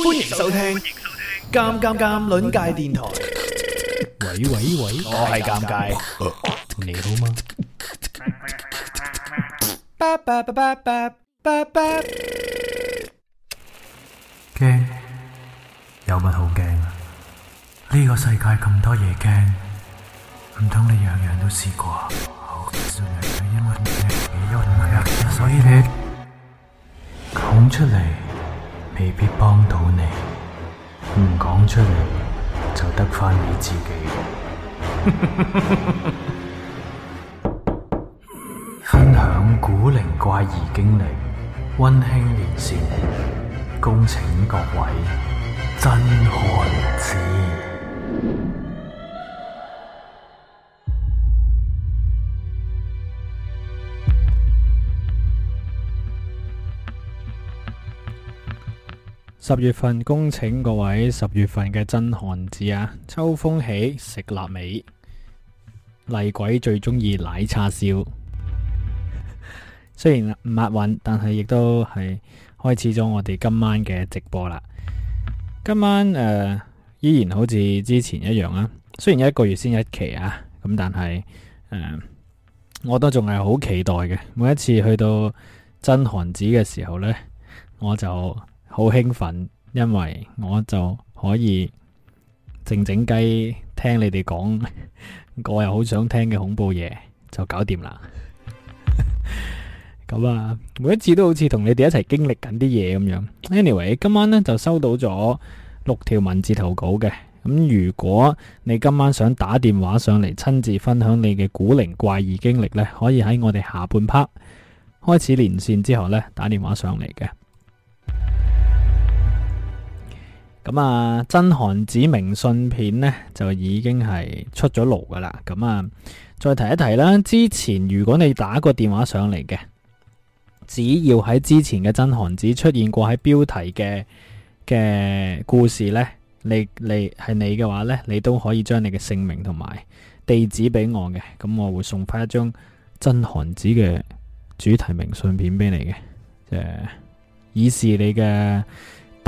歡迎收聽《尷尷尷》鄰界電台。喂喂喂，我係尷尬，你好嗎？驚？有乜好驚？呢個世界咁多嘢驚，唔通你樣樣都試過？所以你，講出嚟。未必幫到你，唔講出嚟就得返你自己。分享 古靈怪異經歷，溫馨連線，恭請各位真漢子。十月份恭請各位十月份嘅真寒子啊！秋風起，食臘味，厲鬼最中意奶叉燒。 雖然唔押韻，但係亦都係開始咗我哋今晚嘅直播啦。今晚誒、呃，依然好似之前一樣啦。雖然一個月先一期啊，咁但係誒、呃，我都仲係好期待嘅。每一次去到真寒子嘅時候呢，我就～好興奮，因為我就可以靜靜雞聽你哋講，我又好想聽嘅恐怖嘢就搞掂啦。咁啊，每一次都好似同你哋一齊經歷緊啲嘢咁樣。Anyway，今晚呢就收到咗六條文字投稿嘅。咁、嗯、如果你今晚想打電話上嚟親自分享你嘅古靈怪異經歷呢，可以喺我哋下半 part 開始連線之後呢，打電話上嚟嘅。咁啊、嗯，真寒子明信片呢，就已經係出咗爐噶啦。咁、嗯、啊，再提一提啦，之前如果你打個電話上嚟嘅，只要喺之前嘅真寒子出現過喺標題嘅嘅故事呢，你你係你嘅話呢，你都可以將你嘅姓名同埋地址俾我嘅。咁、嗯、我會送翻一張真寒子嘅主題明信片俾你嘅，誒、就是，以示你嘅。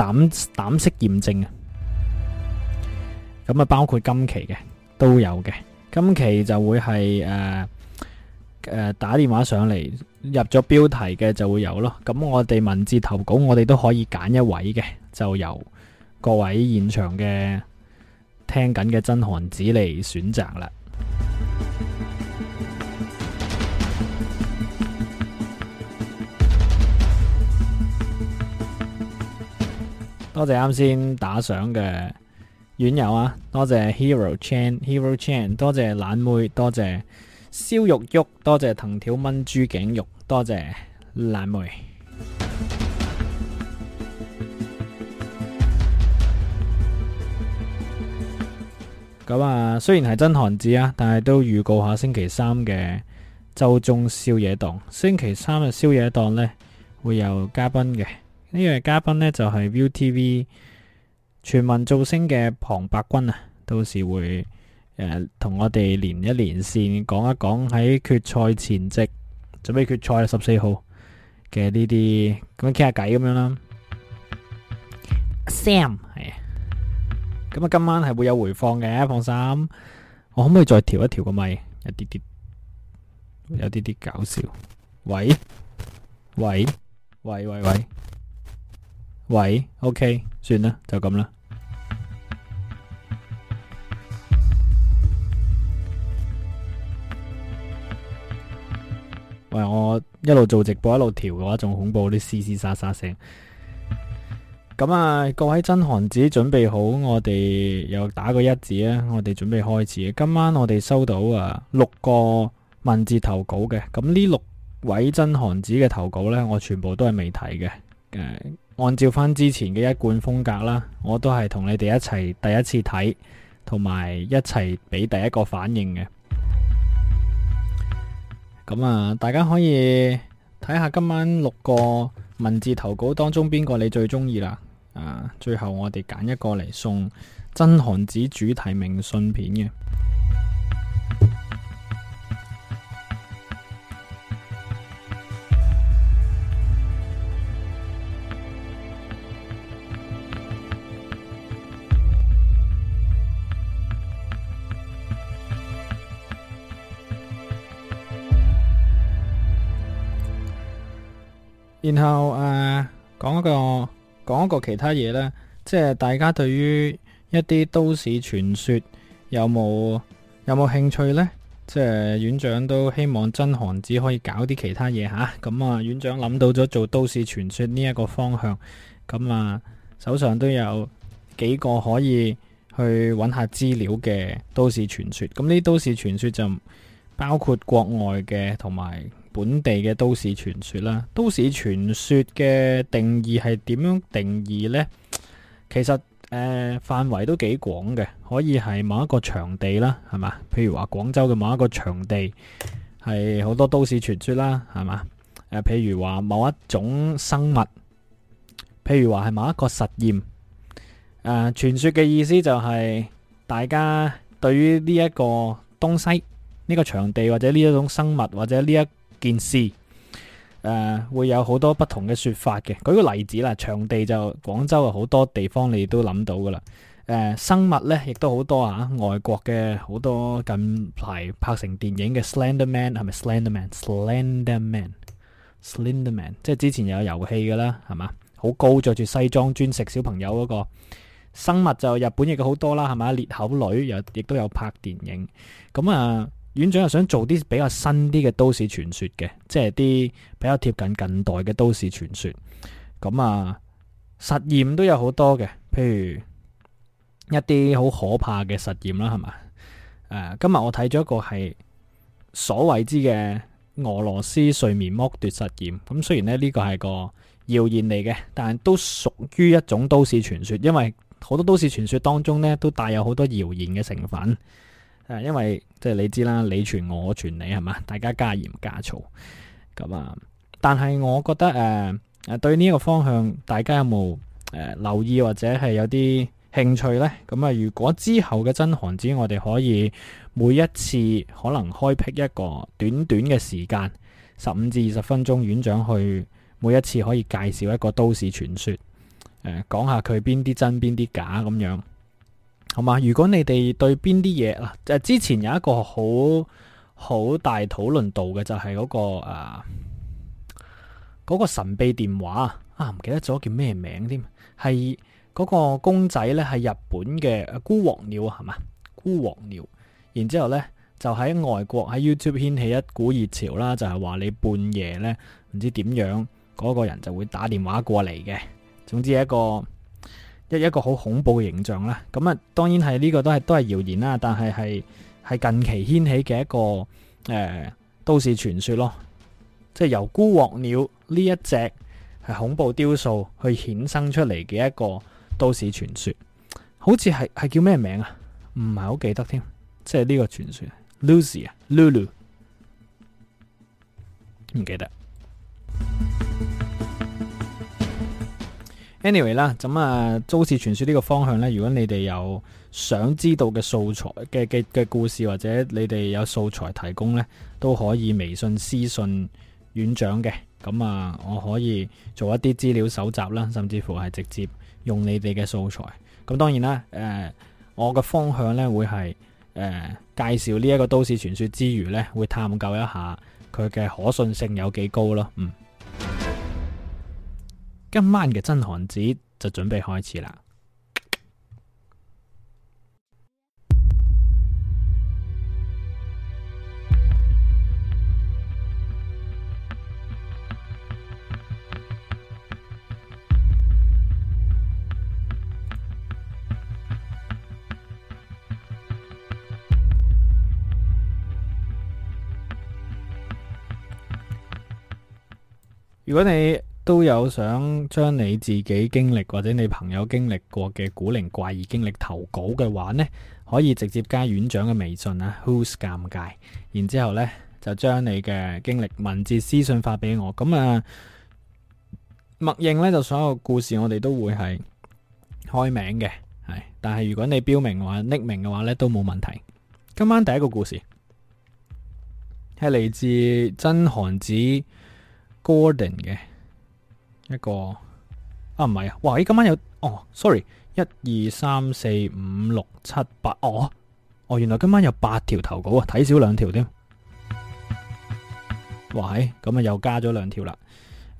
膽膽色驗證啊，咁啊包括今期嘅都有嘅，今期就會係誒誒打電話上嚟入咗標題嘅就會有咯，咁、嗯、我哋文字投稿我哋都可以揀一位嘅，就由各位現場嘅聽緊嘅真寒子嚟選擇啦。多謝啱先打賞嘅院友啊！多謝 Hero Chan、Hero Chan，多謝懶妹，多謝燒肉喐，多謝藤條炆豬頸肉，多謝懶妹。咁 啊，雖然係真寒子啊，但係都預告下星期三嘅周中宵夜檔。星期三嘅宵夜檔呢，會有嘉賓嘅。呢位嘉賓呢，就係 ViuTV 全民造星嘅龐百君啊，到時會誒、呃、同我哋連一連線，講一講喺決賽前夕準備決賽十四號嘅呢啲，咁樣傾下偈咁樣啦。Sam 係咁啊，今晚係會有回放嘅，放心。我可唔可以再調一調個咪？有啲啲，有啲啲搞笑。喂喂喂喂喂！喂，OK，算啦，就咁啦。喂，我一路做直播一路調嘅話，仲恐怖啲嘶嘶沙沙聲。咁啊、嗯，各位真寒子準備好，我哋又打個一字啊，我哋準備開始。今晚我哋收到啊六個文字投稿嘅，咁呢六位真寒子嘅投稿呢，我全部都係未睇嘅，嗯按照翻之前嘅一貫風格啦，我都係同你哋一齊第一次睇，同埋一齊俾第一個反應嘅。咁啊，大家可以睇下今晚六個文字投稿當中邊個你最中意啦。啊，最後我哋揀一個嚟送真寒子主題明信片嘅。然後誒、呃，講一個講一個其他嘢啦，即係大家對於一啲都市傳說有冇有冇興趣呢？即係院長都希望真寒子可以搞啲其他嘢吓，咁啊、嗯、院長諗到咗做都市傳說呢一個方向，咁、嗯、啊手上都有幾個可以去揾下資料嘅都市傳說，咁、嗯、呢都市傳說就包括國外嘅同埋本地嘅都市傳說啦，都市傳說嘅定義係點樣定義咧？其實誒、呃、範圍都幾廣嘅，可以係某一個場地啦，係嘛？譬如話廣州嘅某一個場地係好多都市傳說啦，係嘛？誒、呃、譬如話某一種生物，譬如話係某一個實驗誒、呃、傳說嘅意思就係大家對於呢一個東西、呢個場地或者呢一種生物或者呢一件事，誒、呃、會有好多不同嘅説法嘅。舉個例子啦，場地就廣州啊，好多地方你都諗到噶啦。誒、呃、生物咧，亦都好多啊。外國嘅好多近排拍成電影嘅 Slender Man 係咪 Slender Man？Slender Man，Slender Man，即係之前有遊戲噶啦，係嘛？好高着住西裝，專食小朋友嗰、那個生物就日本亦好多啦，係嘛？裂口女又亦都有拍電影咁啊。嗯呃院長又想做啲比較新啲嘅都市傳說嘅，即係啲比較貼近近代嘅都市傳說。咁、嗯、啊，實驗都有好多嘅，譬如一啲好可怕嘅實驗啦，係嘛？誒、啊，今日我睇咗一個係所謂之嘅俄羅斯睡眠剝奪實驗。咁、嗯、雖然呢呢個係個謠言嚟嘅，但係都屬於一種都市傳說，因為好多都市傳說當中呢都帶有好多謠言嘅成分。因為即係你知啦，你傳我，我傳你，係嘛，大家加鹽加醋咁啊。但係我覺得誒誒、呃，對呢一個方向，大家有冇誒、呃、留意或者係有啲興趣呢？咁啊，如果之後嘅真寒子，我哋可以每一次可能開闢一個短短嘅時間，十五至二十分鐘，院長去每一次可以介紹一個都市傳說，誒、呃，講下佢邊啲真邊啲假咁樣。好嘛？如果你哋對邊啲嘢啊？誒，之前有一個好好大討論度嘅，就係、是、嗰、那個啊，嗰個神秘電話啊，唔記得咗叫咩名添？係嗰個公仔咧，係日本嘅姑獲鳥係嘛？姑獲鳥，然之後咧就喺外國喺 YouTube 掀起一股熱潮啦，就係、是、話你半夜咧唔知點樣嗰、那個人就會打電話過嚟嘅。總之一個。一一個好恐怖嘅形象啦，咁啊，當然係呢個都係都係謠言啦，但係係係近期掀起嘅一個誒、呃、都市傳說咯，即係由姑獲鳥呢一隻係恐怖雕塑去衍生出嚟嘅一個都市傳說，好似係係叫咩名啊？唔係好記得添，即係呢個傳說，Lucy 啊，Lulu 唔記得。Anyway 啦，咁啊都市傳說呢個方向呢，如果你哋有想知道嘅素材嘅嘅嘅故事，或者你哋有素材提供呢，都可以微信私信院長嘅，咁啊我可以做一啲資料搜集啦，甚至乎係直接用你哋嘅素材。咁當然啦，誒、呃、我嘅方向呢，會係誒、呃、介紹呢一個都市傳說之餘呢，會探究一下佢嘅可信性有幾高咯，嗯。今晚嘅真寒子就準備開始啦！如果你，都有想將你自己經歷或者你朋友經歷過嘅古靈怪異經歷投稿嘅話呢，可以直接加院長嘅微信啊。Who’s 尷尬？然之後呢就將你嘅經歷文字私信發俾我。咁啊，默認呢，就所有故事我哋都會係開名嘅係，但係如果你標明嘅話匿名嘅話呢都冇問題。今晚第一個故事係嚟自真寒子 Gordon 嘅。一個啊，唔係啊，哇！今晚有哦，sorry，一二三四五六七八，哦哦，原來今晚有八條投稿啊，睇少兩條添。哇！係咁啊，又加咗兩條啦。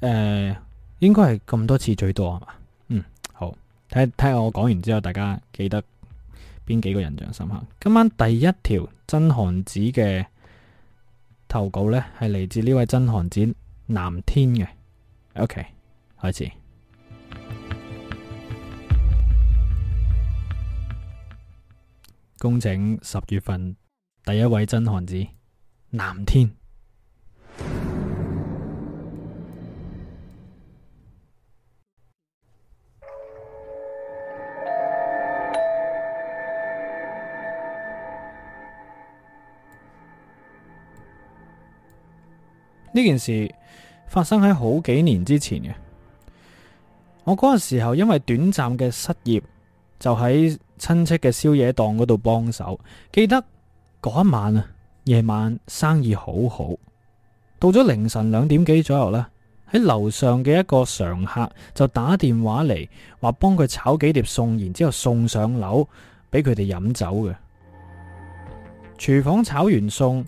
誒、呃，應該係咁多次最多係嘛？嗯，好，睇睇我講完之後，大家記得邊幾個印象深刻。今晚第一條真寒子嘅投稿呢，係嚟自呢位真寒子南天嘅。O.K. 開始公整，十月份第一位真寒子藍天呢， 件事發生喺好幾年之前嘅。我嗰個時候因為短暫嘅失業，就喺親戚嘅宵夜檔嗰度幫手。記得嗰一晚啊，夜晚生意好好，到咗凌晨兩點幾左右咧，喺樓上嘅一個常客就打電話嚟，話幫佢炒幾碟餸，然之後送上樓俾佢哋飲酒嘅。廚房炒完餸，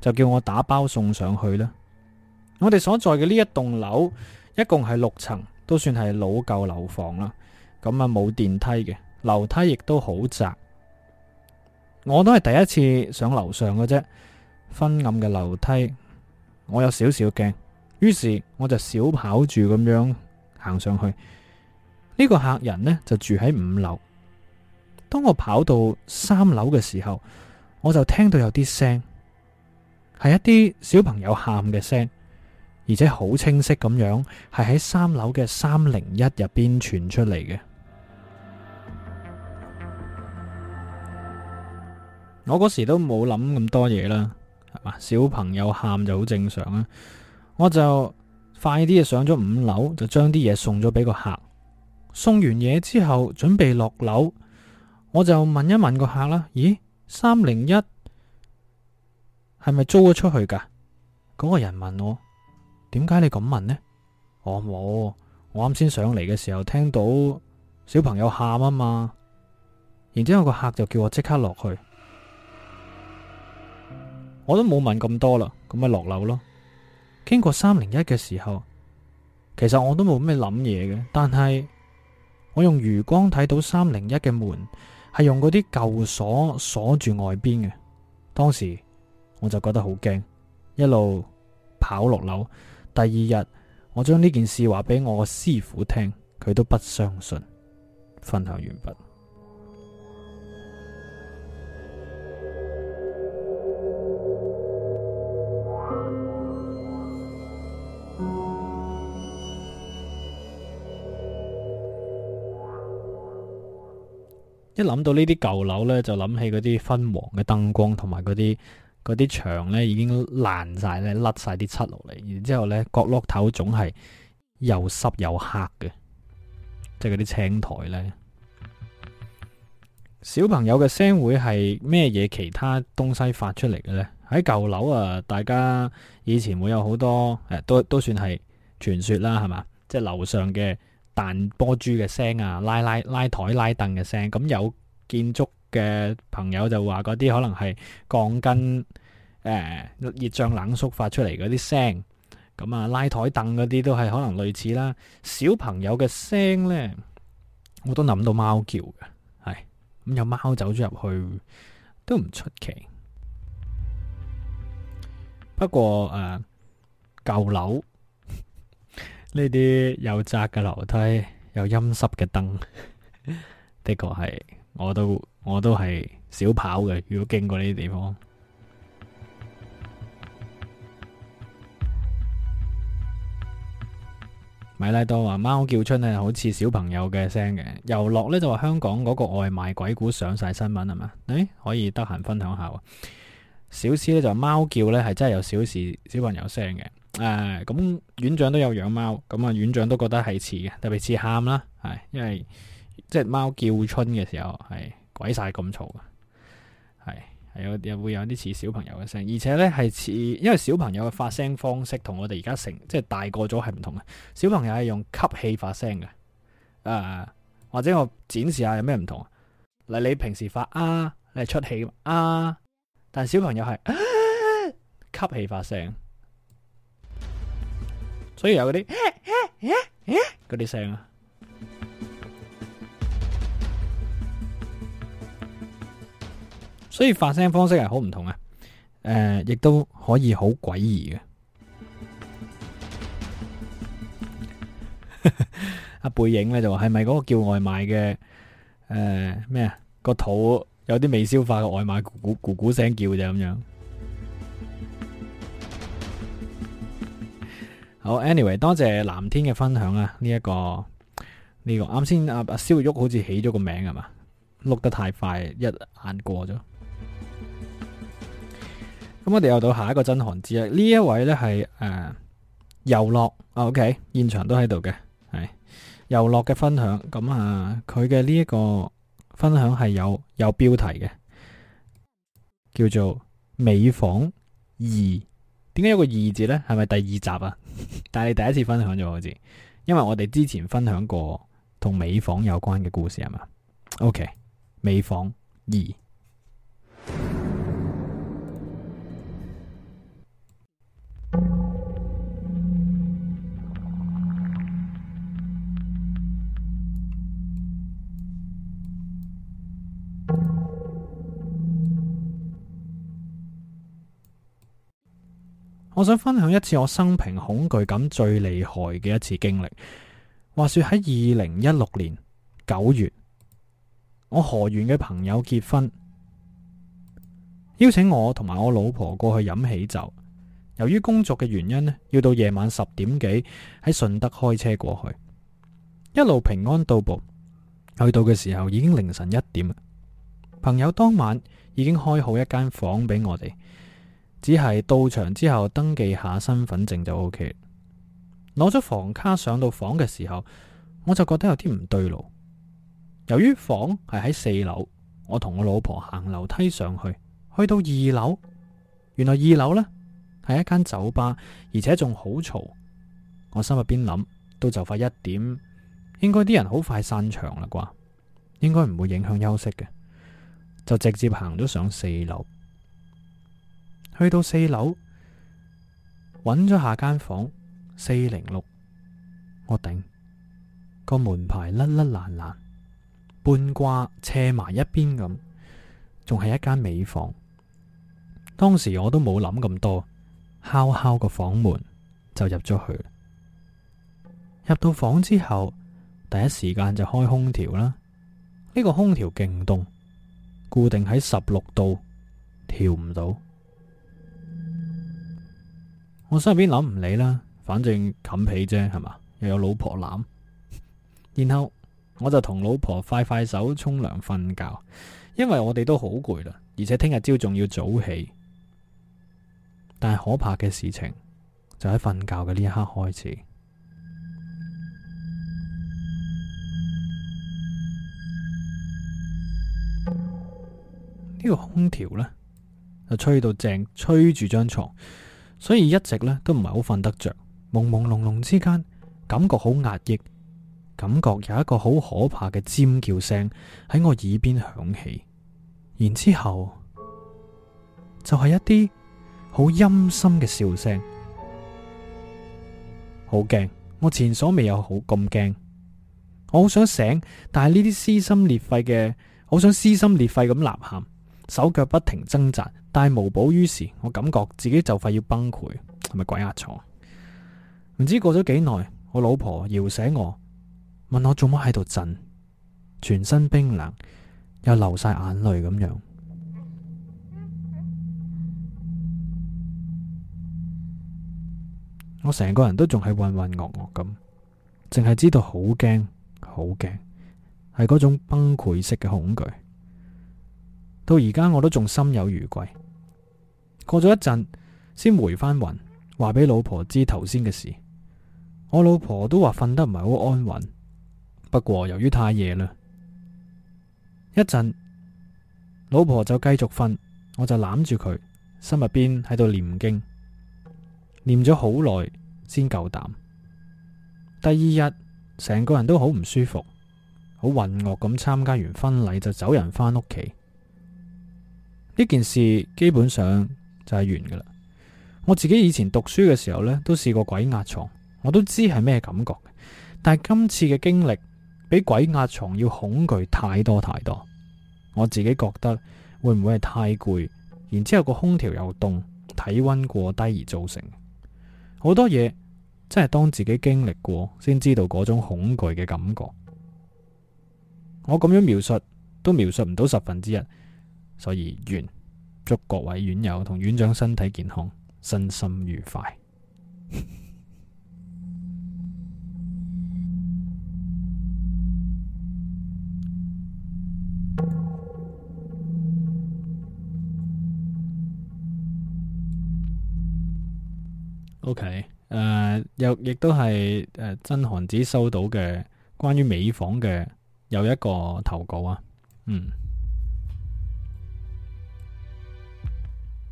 就叫我打包送上去啦。我哋所在嘅呢一棟樓，一共係六層。都算係老舊樓房啦，咁啊冇電梯嘅，樓梯亦都好窄。我都係第一次上樓上嘅啫，昏暗嘅樓梯，我有少少驚，於是我就小跑住咁樣行上去。呢個客人呢就住喺五樓。當我跑到三樓嘅時候，我就聽到有啲聲，係一啲小朋友喊嘅聲。而且好清晰咁樣，係喺三樓嘅三零一入邊傳出嚟嘅。 我嗰時都冇諗咁多嘢啦，係嘛？小朋友喊就好正常啦，啊。我就快啲上咗五樓，就將啲嘢送咗俾個客。送完嘢之後，準備落樓，我就問一問個客啦：咦，三零一係咪租咗出去噶？嗰、那個人問我。點解你咁問呢？我、哦、冇，我啱先上嚟嘅時候聽到小朋友喊啊嘛，然之後個客就叫我即刻落去，我都冇問咁多啦，咁咪落樓咯。經過三零一嘅時候，其實我都冇咩諗嘢嘅，但係我用餘光睇到三零一嘅門係用嗰啲舊鎖鎖住外邊嘅，當時我就覺得好驚，一路跑落樓。第二日，我將呢件事話俾我個師傅聽，佢都不相信。分享完畢。 一諗到呢啲舊樓呢，就諗起嗰啲昏黃嘅燈光同埋嗰啲。嗰啲牆咧已經爛晒，咧，甩晒啲漆落嚟，然之後咧角落頭總係又濕又黑嘅，即係嗰啲青苔咧。小朋友嘅聲會係咩嘢？其他東西發出嚟嘅咧？喺舊樓啊，大家以前會有好多誒、啊，都都算係傳説啦，係嘛？即係樓上嘅彈波珠嘅聲啊，拉拉拉台拉凳嘅聲，咁有建築嘅朋友就話嗰啲可能係鋼筋誒熱脹冷縮發出嚟嗰啲聲，咁啊拉台凳嗰啲都係可能類似啦。小朋友嘅聲呢，我都諗到貓叫嘅係咁，有貓走咗入去都唔出奇。不過誒舊樓呢啲又窄嘅樓梯，又陰濕嘅燈， 的確係我都。我都係少跑嘅。如果經過呢啲地方，米拉多話貓叫春咧，好似小朋友嘅聲嘅遊樂呢就話、是、香港嗰個外賣鬼故上晒新聞係嘛？誒、哎，可以得閒分享下。小詩呢就話貓叫呢係真係有小事小朋友聲嘅。誒、呃，咁院長都有養貓，咁啊院長都覺得係似嘅，特別似喊啦係，因為即係、就是、貓叫春嘅時候係。鬼晒咁嘈嘅，係係有啲會有啲似小朋友嘅聲，而且呢係似，因為小朋友嘅發聲方式我同我哋而家成即係大個咗係唔同嘅。小朋友係用吸氣發聲嘅，誒、啊、或者我展示下有咩唔同啊？嗱，你平時發啊，你係出氣啊，但小朋友係、啊、吸氣發聲，所以有嗰啲嗰啲聲啊。所以發聲方式係好唔同啊！誒、呃，亦都可以好詭異嘅。 啊，背影咧就話係咪嗰個叫外賣嘅，誒咩啊，個肚有啲未消化嘅外賣咕咕咕咕聲叫就咁樣。好，anyway，多謝藍天嘅分享啊！呢、這、一個呢、這個啱先阿阿肖玉好似起咗個名係嘛？碌得太快，一眼過咗。咁我哋又到下一個真寒子啊！呢一位呢係誒游樂 OK 現場都喺度嘅係游樂嘅分享。咁、嗯、啊，佢嘅呢一個分享係有有標題嘅，叫做《美房二》。點解有個二字呢？係咪第二集啊？ 但係你第一次分享咗好似，因為我哋之前分享過同美房有關嘅故事係嘛。OK，《美房二》。我想分享一次我生平恐懼感最厲害嘅一次經歷。話說喺二零一六年九月，我河源嘅朋友結婚，邀請我同埋我老婆過去飲喜酒。由於工作嘅原因咧，要到夜晚十點幾喺順德開車過去，一路平安到步。去到嘅時候已經凌晨一點。朋友當晚已經開好一間房俾我哋。只係到場之後登記下身份證就 OK，攞咗房卡上到房嘅時候，我就覺得有啲唔對路。由於房係喺四樓，我同我老婆行樓梯上去，去到二樓，原來二樓呢係一間酒吧，而且仲好嘈。我心入邊諗，都就快一點，應該啲人好快散場啦啩，應該唔會影響休息嘅，就直接行咗上四樓。去到四樓，揾咗下間房四零六，6，我頂個門牌甩甩爛爛，半掛斜埋一邊咁，仲係一間尾房。當時我都冇諗咁多，敲敲個房門就入咗去。入到房之後，第一時間就開空調啦。呢個空調勁凍，固定喺十六度，調唔到。我心入邊諗，唔理啦，反正冚被啫，係嘛，又有老婆攬，然後我就同老婆快快手沖涼瞓覺，因為我哋都好攰啦，而且聽日朝仲要早起。但係可怕嘅事情就喺瞓覺嘅呢一刻開始，呢個空調呢，就吹到正，吹住張床。所以一直咧都唔係好瞓得着，朦朦朧朧之間，感覺好壓抑，感覺有一個好可怕嘅尖叫聲喺我耳邊響起，然之後就係一啲好陰森嘅笑聲，好驚，我前所未有好咁驚，我好想醒，但係呢啲撕心裂肺嘅，好想撕心裂肺咁吶喊，手腳不停掙扎。但係無補於事，我感覺自己就快要崩潰，係咪鬼壓床？唔知過咗幾耐，我老婆搖醒我，問我做乜喺度震，全身冰冷，又流晒眼淚咁樣，我成個人都仲係渾渾噩噩咁，淨係知道好驚，好驚，係嗰種崩潰式嘅恐懼。到而家我都仲心有餘悸。過咗一陣，先回返魂，話俾老婆知頭先嘅事。我老婆都話瞓得唔係好安穩，不過由於太夜啦，一陣老婆就繼續瞓，我就攬住佢心入邊喺度念經，念咗好耐先夠膽。第二日成個人都好唔舒服，好渾噩咁參加完婚禮就走人，返屋企呢件事基本上，就係完噶啦！我自己以前讀書嘅時候呢，都試過鬼壓床，我都知係咩感覺。但係今次嘅經歷，比鬼壓床要恐懼太多太多。我自己覺得會唔會係太攰，然之後個空調又凍，體溫過低而造成。好多嘢真係當自己經歷過，先知道嗰種恐懼嘅感覺。我咁樣描述都描述唔到十分之一，所以完。祝各位院友同院長身體健康，身心愉快。 OK，誒、呃，又亦都係誒、呃，真寒子收到嘅關於美房嘅有一個投稿啊，嗯。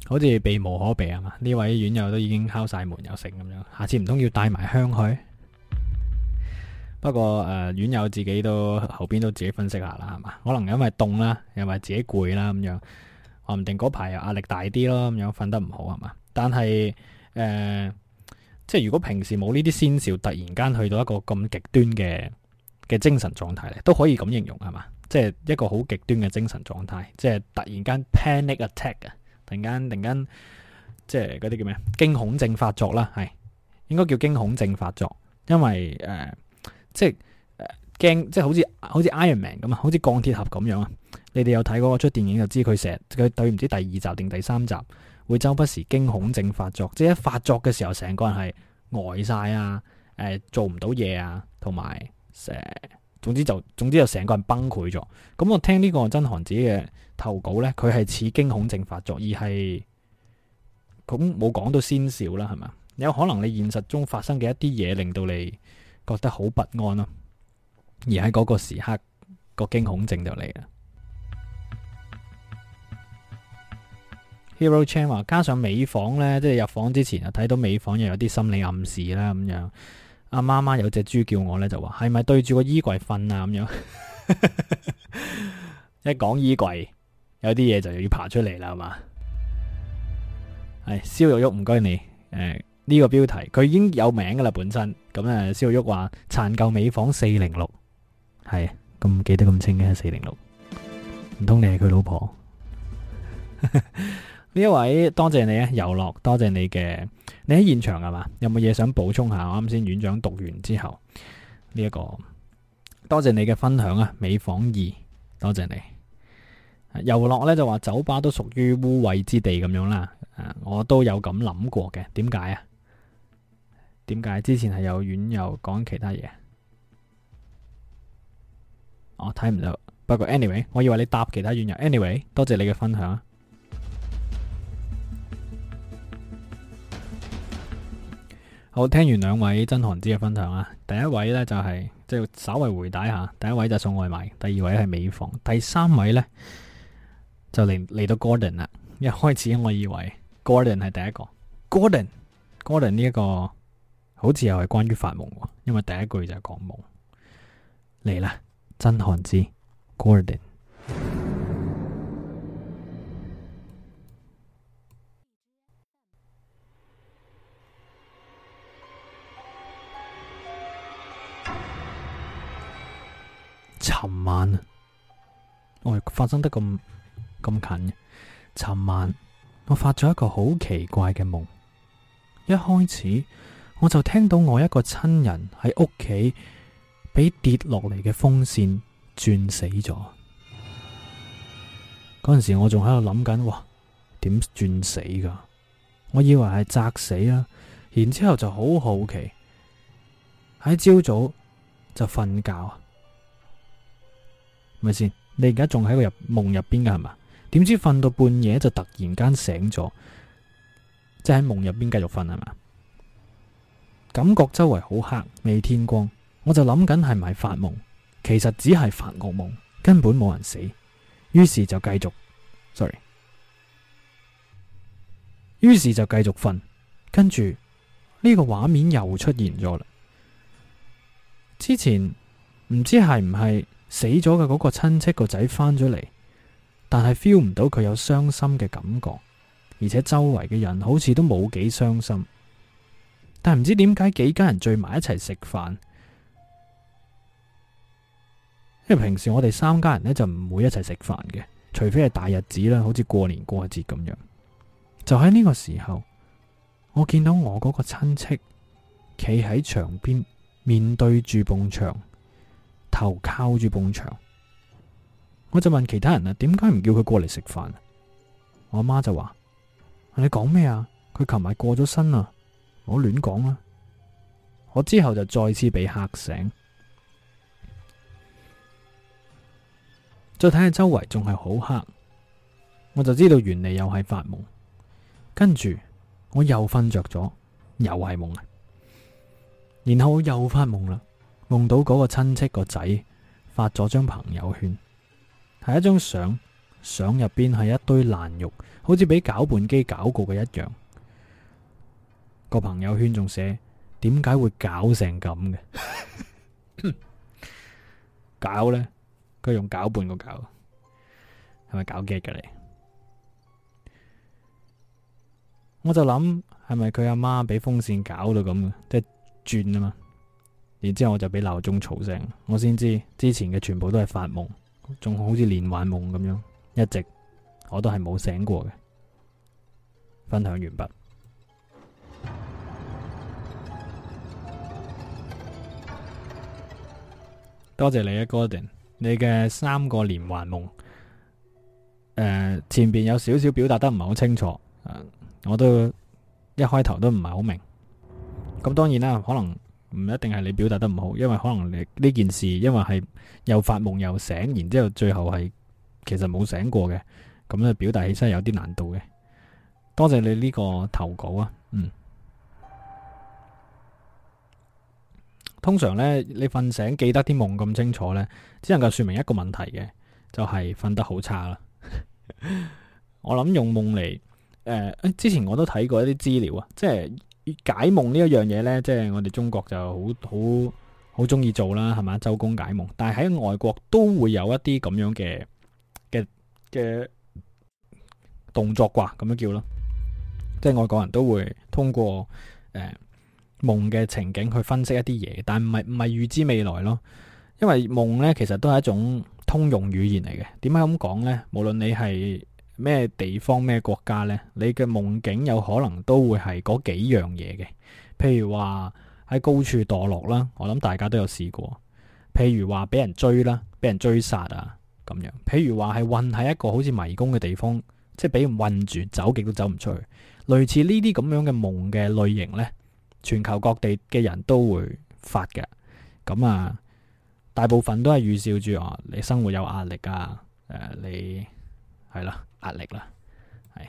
好似避無可避啊嘛！呢位院友都已經敲晒門，又成咁樣，下次唔通要帶埋香去？不過誒、呃，院友自己都後邊都自己分析下啦，係嘛？可能因為凍啦，又咪自己攰啦，咁樣話唔定嗰排又壓力大啲咯，咁樣瞓得唔好係嘛？但係誒、呃，即係如果平時冇呢啲先兆，突然間去到一個咁極端嘅嘅精神狀態咧，都可以咁形容係嘛？即係一個好極端嘅精神狀態，即係突然間 panic attack 啊！突然間，突然間，即係嗰啲叫咩啊？驚恐症發作啦，係應該叫驚恐症發作，因為誒、呃，即係誒驚，即係好似好似 Iron Man 咁啊，好似鋼鐵俠咁樣啊。你哋有睇過嗰出電影就知佢成日，佢對唔知第二集定第三集，會周不時驚恐症發作。即係一發作嘅時候，成個人係呆晒、呃、啊，誒做唔到嘢啊，同埋誒，總之就總之就成個人崩潰咗。咁我聽呢個真寒子嘅。投稿呢，佢係似驚恐症發作，而係咁冇講到先兆啦，係咪？有可能你現實中發生嘅一啲嘢，令到你覺得好不安咯、啊，而喺嗰個時刻，個驚恐症就嚟啦。 Hero Chan 話，加上美房呢，即係入房之前啊，睇到美房又有啲心理暗示啦，咁樣。阿媽媽有隻豬叫我呢，就話係咪對住個衣櫃瞓啊？咁樣 一講衣櫃。有啲嘢就要爬出嚟啦，係嘛？係、哎、肖玉玉，唔該你。誒、呃，呢、呢個標題佢已經有名噶啦，本身咁咧。肖、嗯、玉玉話殘舊美房四零六，係咁記得咁清嘅四零六。唔通你係佢老婆？呢 一位多謝你啊，游樂，多謝你嘅。你喺現場係嘛？有冇嘢想補充下？我啱先院長讀完之後，呢、呢、一個多謝你嘅分享啊，美房二，多謝你。遊樂咧就話酒吧都屬於污穢之地咁樣啦、啊，我都有咁諗過嘅。點解啊？點解之前係有院友講其他嘢？我睇唔到。不過 anyway，我以為你答其他院友。anyway，多謝你嘅分享。好，聽完兩位真寒子嘅分享啊！第一位呢就係即係稍微回帶一下。第一位就送外賣，第二位係美房，第三位呢？就嚟嚟到 Gordon 啦！一開始我以為 Gordon 係第一個，Gordon，Gordon 呢 Gordon 一、這個好似又係關於發夢，因為第一句就係講夢嚟啦，真寒子 Gordon，尋晚啊，我、哎、發生得咁。咁近嘅，尋晚我發咗一個好奇怪嘅夢。一開始我就聽到我一個親人喺屋企俾跌落嚟嘅風扇轉死咗。嗰陣時我仲喺度諗緊，哇，點轉死噶？我以為係砸死啦。然之後就好好奇。喺朝早就瞓覺啊，咪先？你而家仲喺個入夢入邊嘅係嘛？點知瞓到半夜就突然間醒咗，即係喺夢入邊繼續瞓係嘛？感覺周圍好黑，未天光，我就諗緊係咪發夢，其實只係發惡夢，夢，根本冇人死。於是就繼續，sorry，於是就繼續瞓。跟住呢個畫面又出現咗啦。之前唔知係唔係死咗嘅嗰個親戚個仔翻咗嚟。但係 feel 唔到佢有傷心嘅感覺，而且周圍嘅人好似都冇幾傷心。但唔知點解幾家人聚埋一齊食飯，因為平時我哋三家人呢就唔會一齊食飯嘅，除非係大日子啦，好似過年過節咁樣。就喺呢個時候，我見到我嗰個親戚企喺牆邊，面對住埲牆，頭靠住埲牆。我就問其他人啊，點解唔叫佢過嚟食飯？我阿媽就話：你講咩啊？佢琴日過咗身啦，我亂講啦。我之後就再次被嚇醒，再睇下周圍仲係好黑，我就知道原嚟又係發夢。跟住我又瞓着咗，又係夢啊。然後又發夢啦，夢到嗰個親戚個仔發咗張朋友圈。係一張相，相入邊係一堆爛肉，好似俾攪拌機攪過嘅一樣。個朋友圈仲寫，點解會攪成咁嘅？攪 呢？佢用攪拌個攪，係咪搞雞嘅你？我就諗係咪佢阿媽俾風扇搞到咁嘅，即係轉啊嘛。然之後我就俾鬧鐘吵醒，我先知之前嘅全部都係發夢。仲好似連環夢咁樣，一直我都係冇醒過嘅。分享完畢，多謝你啊，Gordon，你嘅三個連環夢，呃，前邊有少少表達得唔係好清楚，我都一開頭都唔係好明。咁當然啦，可能。唔一定係你表達得唔好，因為可能你呢件事，因為係又發夢又醒，然之後最後係其實冇醒過嘅，咁啊表達起身有啲難度嘅。多謝你呢個投稿啊，嗯。通常呢，你瞓醒記得啲夢咁清楚呢，只能夠說明一個問題嘅，就係、是、瞓得好差啦。 我諗用夢嚟，誒、呃，之前我都睇過一啲資料啊，即係。解夢呢一樣嘢呢，即係我哋中國就好好好中意做啦，係嘛？周公解夢，但係喺外國都會有一啲咁樣嘅嘅嘅動作啩，咁樣叫咯。即係外國人都會通過誒、呃、夢嘅情景去分析一啲嘢，但係唔係唔係預知未來咯？因為夢呢，其實都係一種通用語言嚟嘅。點解咁講呢？無論你係。咩地方咩國家呢？你嘅夢境有可能都會係嗰幾樣嘢嘅，譬如話喺高處墮落啦，我諗大家都有試過；譬如話俾人追啦，俾人追殺啊，咁樣；譬如話係困喺一個好似迷宮嘅地方，即係俾人困住，走極都走唔出去。類似呢啲咁樣嘅夢嘅類型呢，全球各地嘅人都會發嘅。咁啊，大部分都係預兆住哦，你生活有壓力啊，呃，你係啦。壓力啦，係。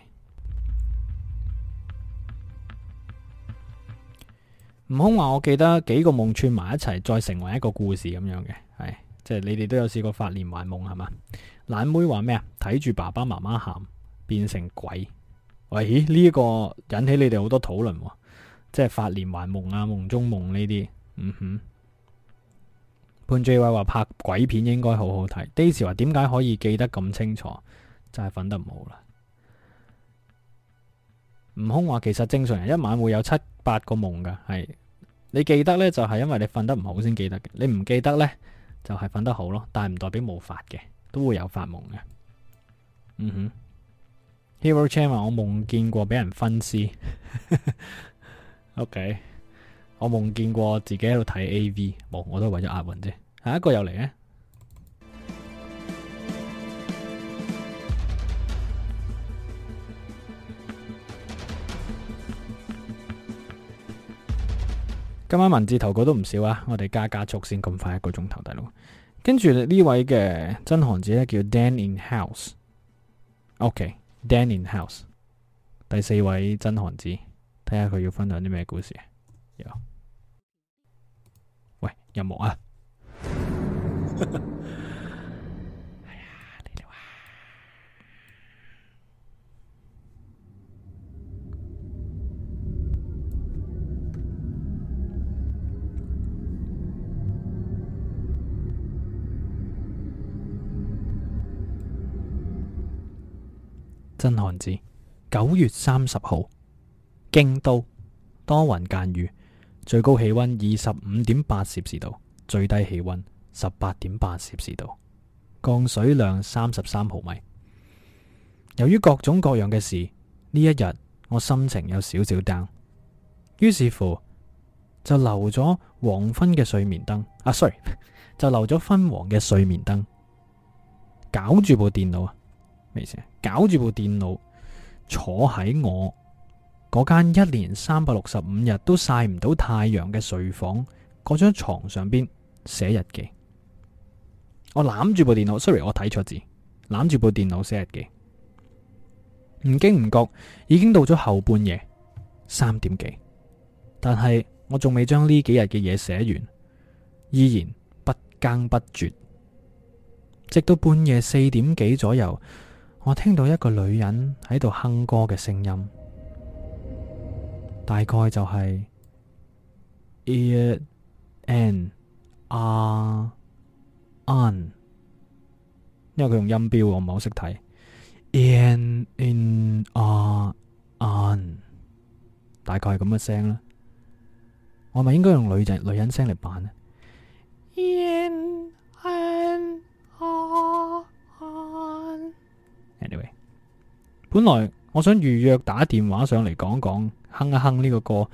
悟空話：我記得幾個夢串埋一齊，再成為一個故事咁樣嘅，係，即係你哋都有試過發連環夢係嘛？懶妹話咩啊？睇住爸爸媽媽喊，變成鬼。喂，咦，呢個引起你哋好多討論啊，即係發連環夢啊，夢中夢呢啲。嗯哼。潘最偉話拍鬼片應該好好睇。Daisy 話點解可以記得咁清楚？就係瞓得唔好啦。悟空話，其實正常人一晚會有七八個夢噶，係你記得呢，就係因為你瞓得唔好先記得嘅，你唔記得呢，就係瞓得好咯，但係唔代表冇發嘅，都會有發夢嘅。嗯哼，Hero Chairman，我夢見過俾人分屍。 OK，我夢見過自己喺度睇 AV 冇，我都係為咗押韻啫。下一個又嚟呢？今晚文字投稿都唔少啊，我哋加加速先，咁快一個鐘頭，大佬。跟住呢位嘅真寒子咧，叫 Dan in House，OK，Dan、okay, in House，第四位真寒子，睇下佢要分享啲咩故事有。喂，音樂啊！ 真寒子九月三十號，京都多雲間雨，最高氣溫二十五點八攝氏度，最低氣溫十八點八攝氏度，降水量三十三毫米。由於各種各樣嘅事，呢一日我心情有少少 down，於是乎就留咗黃昏嘅睡眠燈。啊 sorry 就留咗昏黃嘅睡眠燈，搞住部電腦啊，咩意思？搞住部電腦，坐喺我嗰間一年三百六十五日都晒唔到太陽嘅睡房嗰張床上邊寫日記。我攬住部電腦，sorry，我睇錯字，攬住部電腦寫日記。唔經唔覺，已經到咗後半夜三點幾，但係我仲未將呢幾日嘅嘢寫完，依然不更不絕，直到半夜四點幾左右。我聽到一個女人喺度哼歌嘅聲音，大概就係 e n r on，因為佢用音標，我唔係好識睇 e n in o on，大概係咁嘅聲啦。我咪應該用女仔女人聲嚟扮咧？e n Anyway, 本來我想預約打電話上嚟講講哼一哼呢個歌，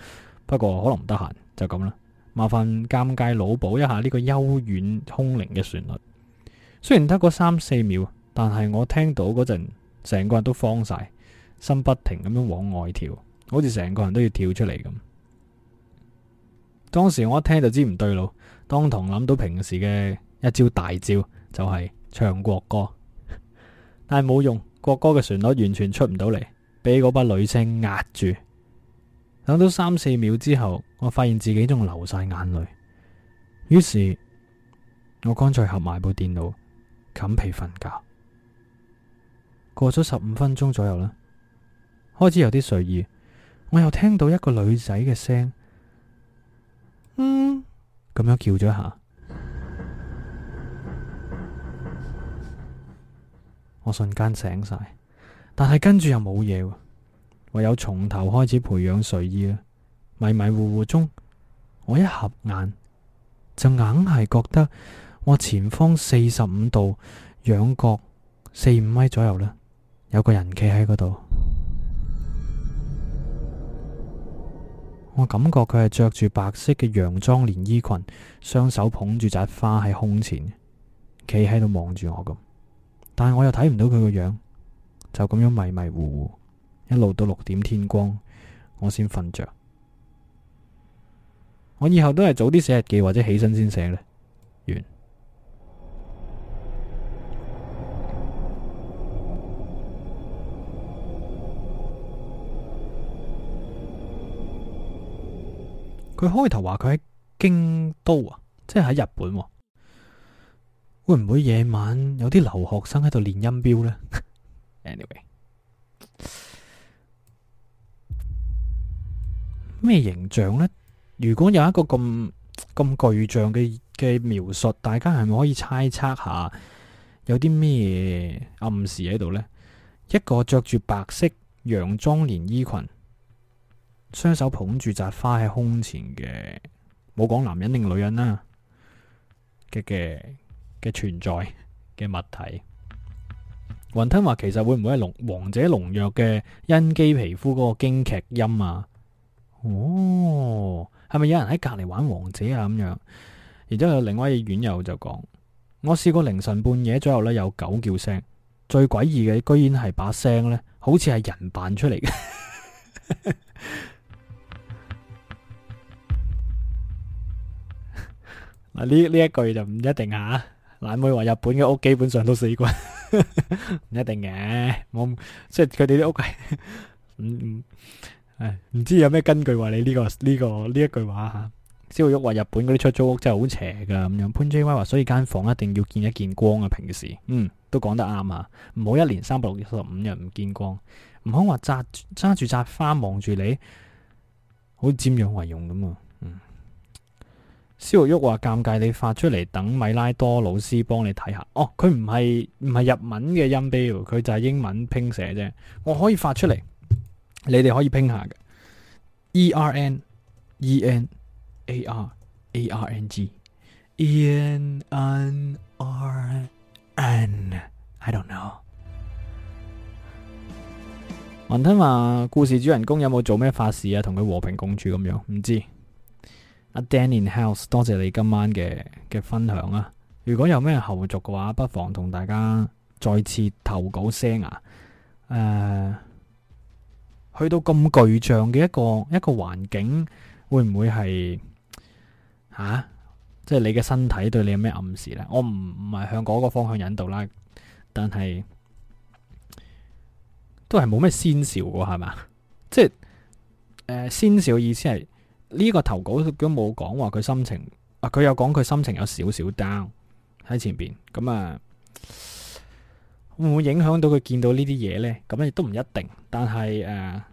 不過可能唔得閒，就咁啦。麻煩尷尬腦補一下呢個幽遠空靈嘅旋律。雖然得嗰三四秒，但係我聽到嗰陣，成個人都慌晒，心不停咁樣往外跳，好似成個人都要跳出嚟咁。當時我一聽就知唔對路，當堂諗到平時嘅一招大招，就係、是、唱國歌。但冇用，國歌嘅旋律完全出唔到嚟，俾嗰把女聲壓住。等到三四秒之後，我發現自己仲流晒眼淚，於是我乾脆合埋部電腦，冚被瞓覺。過咗十五分鐘左右啦，開始有啲睡意，我又聽到一個女仔嘅聲，嗯，咁樣叫咗一下。我瞬間醒晒，但係跟住又冇嘢，唯有從頭開始培養睡意啦。迷迷糊糊中，我一合眼就硬係覺得我前方四十五度仰角四五米左右啦，有個人企喺嗰度。我感覺佢係着住白色嘅洋裝連衣裙，雙手捧住紮花喺胸前，企喺度望住我咁。但係我又睇唔到佢個樣，就咁樣迷迷糊糊，一路到六點天光，我先瞓着。我以後都係早啲寫日記或者起身先寫咧。完。佢開頭話佢喺京都啊，即係喺日本啊。會唔會夜晚有啲留學生喺度練音標呢？a n y w a y 咩形象呢？如果有一個咁咁具象嘅嘅描述，大家係咪可以猜測下有啲咩暗示喺度呢？一個着住白色洋裝連衣裙，雙手捧住紮花喺胸前嘅，冇講男人定女人啦嘅嘅。嘅存在嘅物體，雲吞話其實會唔會係龍王者農藥嘅因姬皮膚嗰個京劇音啊？哦，係咪有人喺隔離玩王者啊？咁樣，然之後有另外一個院友就講：我試過凌晨半夜左右呢，有狗叫聲，最詭異嘅居然係把聲呢，好似係人扮出嚟嘅。嗱呢呢一句就唔一定嚇、啊。懶妹話日本嘅屋基本上都死鬼，唔一定嘅。我即係佢哋啲屋係唔唔，唔、嗯嗯、知有咩根據話你呢、呢個呢、呢個呢、呢個、一句話吓。肖玉話日本嗰啲出租屋真係好邪噶，咁樣。潘志威話，所以間房間一定要見一見光啊，平時嗯都講得啱啊，唔好一年三百六十五日唔見光，唔好話揸揸住扎花望住你，好似瞻仰遺容噶嘛。肖玉玉話尷尬，你發出嚟等米拉多老師幫你睇下。哦，佢唔係唔係日文嘅音標，佢就係英文拼寫啫。我可以發出嚟，你哋可以拼下嘅。E R N E N A R A R N G E N N R N I don't know。等等話，故事主人公有冇做咩法事啊？同佢和平共處咁樣，唔知。阿 Dan in House，多謝你今晚嘅嘅分享啊！如果有咩後續嘅話，不妨同大家再次投稿聲啊！誒，去到咁巨象嘅一個一個環境，會唔會係吓、啊？即係你嘅身體對你有咩暗示咧？我唔唔係向嗰個方向引導啦，但係都係冇咩先兆嘅係嘛？即係誒、呃，先兆嘅意思係。呢個投稿佢都冇講話佢心情，啊佢有講佢心情有少少 down 喺前邊，咁啊會唔會影響到佢見到呢啲嘢呢？咁亦都唔一定，但係誒、呃，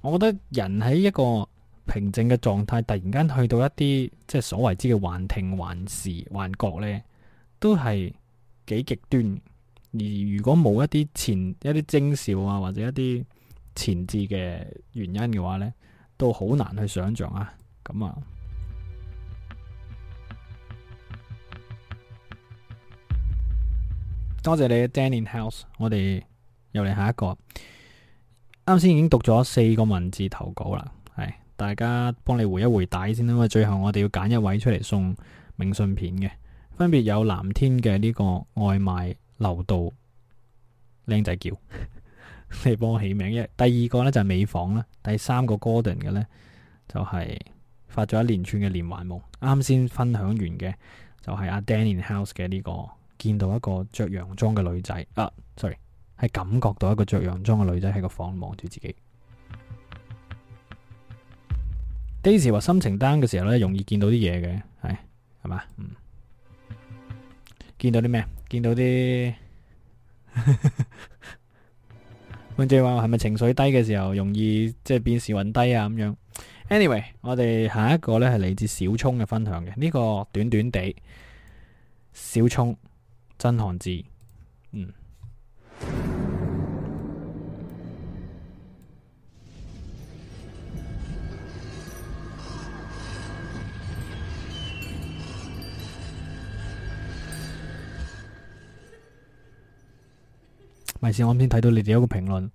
我覺得人喺一個平靜嘅狀態，突然間去到一啲即係所謂之嘅幻聽、幻視、幻覺呢，都係幾極端。而如果冇一啲前一啲徵兆啊，或者一啲前置嘅原因嘅話呢。都好難去想象啊！咁啊，多謝你 Danny House，我哋又嚟下一個。啱先已經讀咗四個文字投稿啦，係大家幫你回一回帶先啦，因為最後我哋要揀一位出嚟送明信片嘅，分別有藍天嘅呢個外賣樓道靚仔叫。你幫我起名，因為第二個呢就係、是、美房咧，第三個 Gordon 嘅呢就係、是、發咗一連串嘅連環夢。啱先分享完嘅就係、是、阿 Danny House 嘅呢、這個，見到一個着洋裝嘅女仔。啊，sorry，係感覺到一個着洋裝嘅女仔喺個房望住自己。Daisy 話心情 down 嘅時候呢容易見到啲嘢嘅，係係嘛，嗯，見到啲咩？見到啲。 咁即係話，係咪情緒低嘅時候容易，即係變時運低啊，咁樣？anyway，我哋下一個呢係嚟自小聰嘅分享嘅。呢、這個短短地小聰真寒子，嗯。咪先，我啱先睇到你哋有一個評論，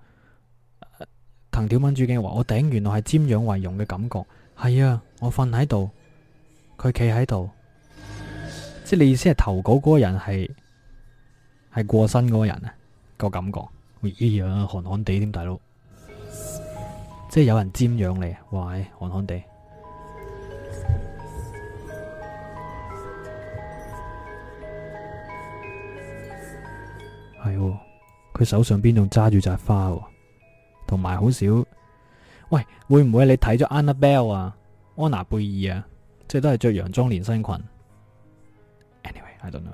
藤條蚊主嘅話，我頂，原來係瞻仰遺容嘅感覺。係啊，我瞓喺度，佢企喺度，即係你意思係投稿嗰個人係係過身嗰個人啊，嗰個感覺。咦，一樣，啊，寒寒地添大佬，即係有人瞻仰你，哇係寒寒地。佢手上邊仲揸住紮花，啊，同埋好少。喂，會唔會你睇咗安娜貝爾啊？安娜貝爾啊，即係都係着洋裝連身裙。Anyway，I don't know。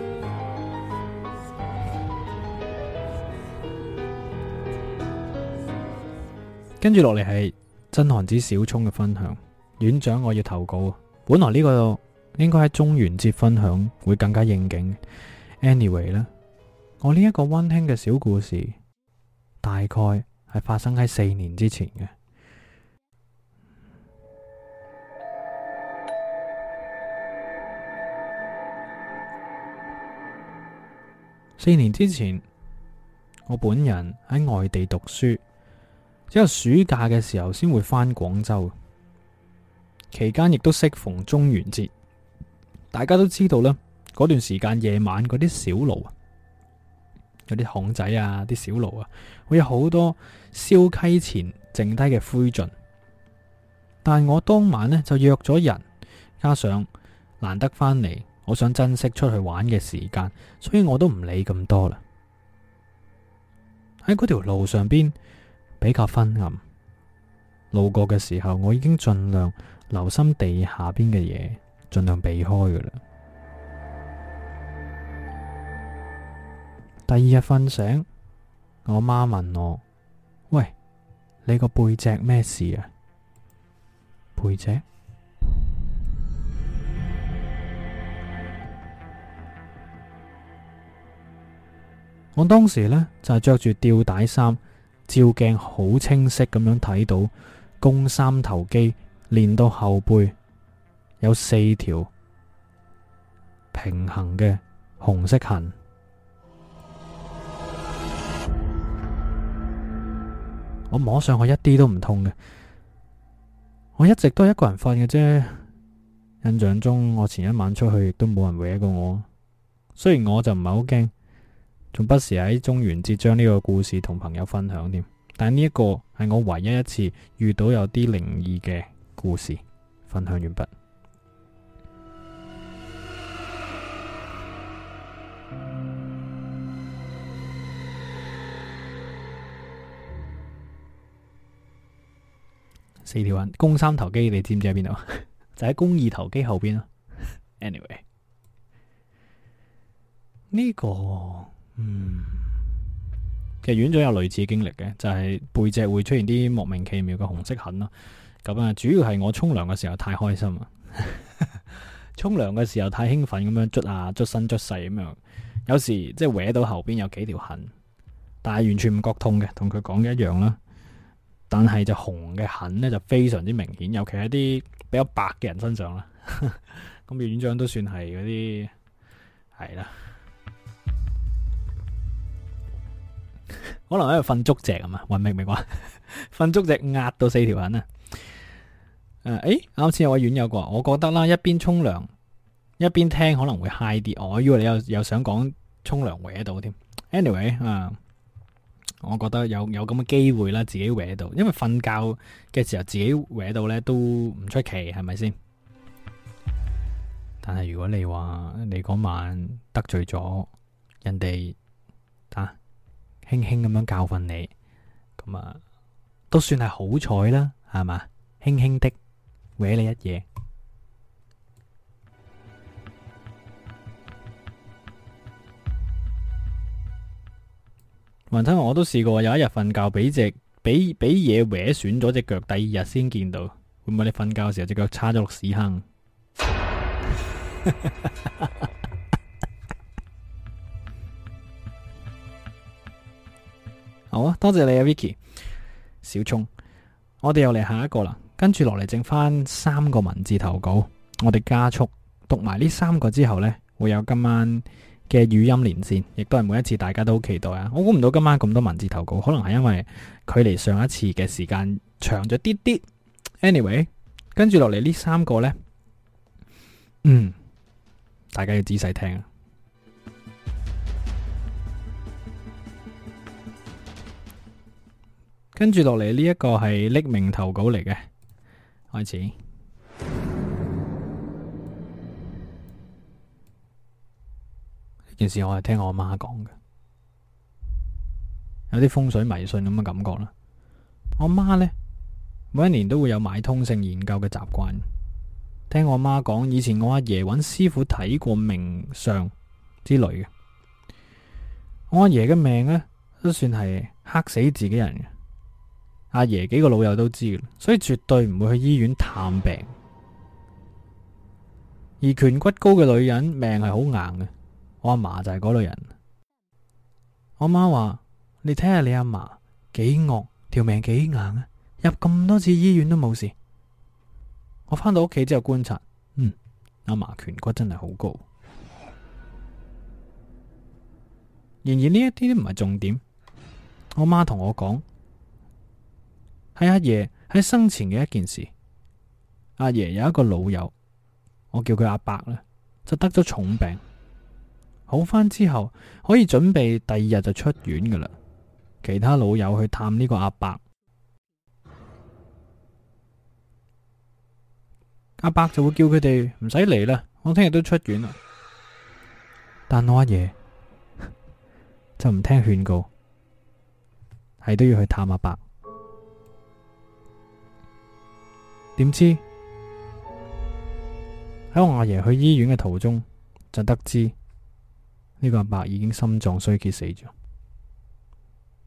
跟住落嚟係真寒子小聰嘅分享。院長，我要投稿啊！本來呢，這個。應該喺中元節分享會更加應景。Anyway 呢我呢一個温馨嘅小故事，大概係發生喺四年之前嘅。四年之前，我本人喺外地讀書，只有暑假嘅時候先會返廣州。期間亦都適逢中元節。大家都知道啦，嗰段時間夜晚嗰啲小路啊，嗰啲巷仔啊，啲小路啊，會有好多燒溪前剩低嘅灰燼。但我當晚呢，就約咗人，加上難得翻嚟，我想珍惜出去玩嘅時間，所以我都唔理咁多啦。喺嗰條路上邊比較昏暗，路過嘅時候我已經盡量留心地下邊嘅嘢。盡量避開噶啦。第二日瞓醒，我媽問我：喂，你個背脊咩事啊？背脊？ 我當時呢就係、是、着住吊帶衫，照鏡好清晰咁樣睇到，肱三頭肌練到後背。有四條平行嘅紅色痕，我摸上去一啲都唔痛嘅。我一直都係一個人瞓嘅啫。印象中，我前一晚出去亦都冇人搲過我。雖然我就唔係好驚，仲不時喺中元節將呢個故事同朋友分享添。但呢一個係我唯一一次遇到有啲靈異嘅故事。分享完畢。四條痕，肱三頭肌你知唔知喺邊度？ 就喺肱二頭肌後邊咯。Anyway，呢、這個嗯，其實院長有類似經歷嘅，就係、是、背脊會出現啲莫名其妙嘅紅色痕咯。咁啊，主要係我沖涼嘅時候太開心啊，沖涼嘅時候太興奮咁樣捽啊捽身捽細咁樣，有時即係搲到後邊有幾條痕，但係完全唔覺痛嘅，同佢講嘅一樣啦。但係就紅嘅痕咧就非常之明顯，尤其係啲比較白嘅人身上啦。咁院長都算係嗰啲係啦， 可能喺度瞓足席啊嘛，明唔明啊？瞓 足席壓到四條痕啊！誒、呃，啱、哎、先有位院友個，我覺得啦，一邊沖涼一邊聽可能會 high 啲。我、哦、以為你又又想講沖涼歪到添。anyway 啊、呃。我覺得有有咁嘅機會啦，自己搲到，因為瞓覺嘅時候自己搲到咧都唔出奇，係咪先？但係如果你話你嗰晚得罪咗人哋，打、啊、輕輕咁樣教訓你，咁啊都算係好彩啦，係嘛？輕輕的搲你一嘢。雲吞、啊、我都試過，有一日瞓覺俾隻俾俾嘢搲損咗隻腳，第二日先見到。會唔會你瞓覺嘅時候隻腳叉咗落屎坑？ 好啊，多謝你啊，Vicky 小聰，我哋又嚟下一個啦，跟住落嚟剩翻三個文字投稿，我哋加速讀埋呢三個之後呢，會有今晚嘅語音連線，亦都係每一次大家都好期待啊！我估唔到今晚咁多文字投稿，可能係因為距離上一次嘅時間長咗啲啲。Anyway，跟住落嚟呢三個呢，嗯，大家要仔細聽。跟住落嚟呢一個係匿名投稿嚟嘅，開始。件事我係聽我阿媽講嘅，有啲風水迷信咁嘅感覺啦。我阿媽呢，每一年都會有買通性研究嘅習慣。聽我阿媽講，以前我阿爺揾師傅睇過命相之類嘅。我阿爺嘅命呢，都算係克死自己人嘅。阿爺，爺幾個老友都知，所以絕對唔會去醫院探病。而顴骨高嘅女人命係好硬嘅。我阿媽就係嗰類人。我媽話：你睇下你阿嫲幾惡，條命幾硬啊，入咁多次醫院都冇事。我翻到屋企之後觀察，嗯，阿嫲顴骨真係好高。然而呢一啲都唔係重點。我媽同我講喺阿爺喺生前嘅一件事，阿爺有一個老友，我叫佢阿伯咧，就得咗重病。好返之後可以準備第二日就出院㗎喇。其他老友去探呢個阿伯，阿伯就會叫佢哋唔使嚟啦，我聽日都出院啦。但我阿爺 就唔聽勸告，係都要去探阿伯。點知喺我阿爺去醫院嘅途中就得知，呢個阿伯已經心臟衰竭死咗，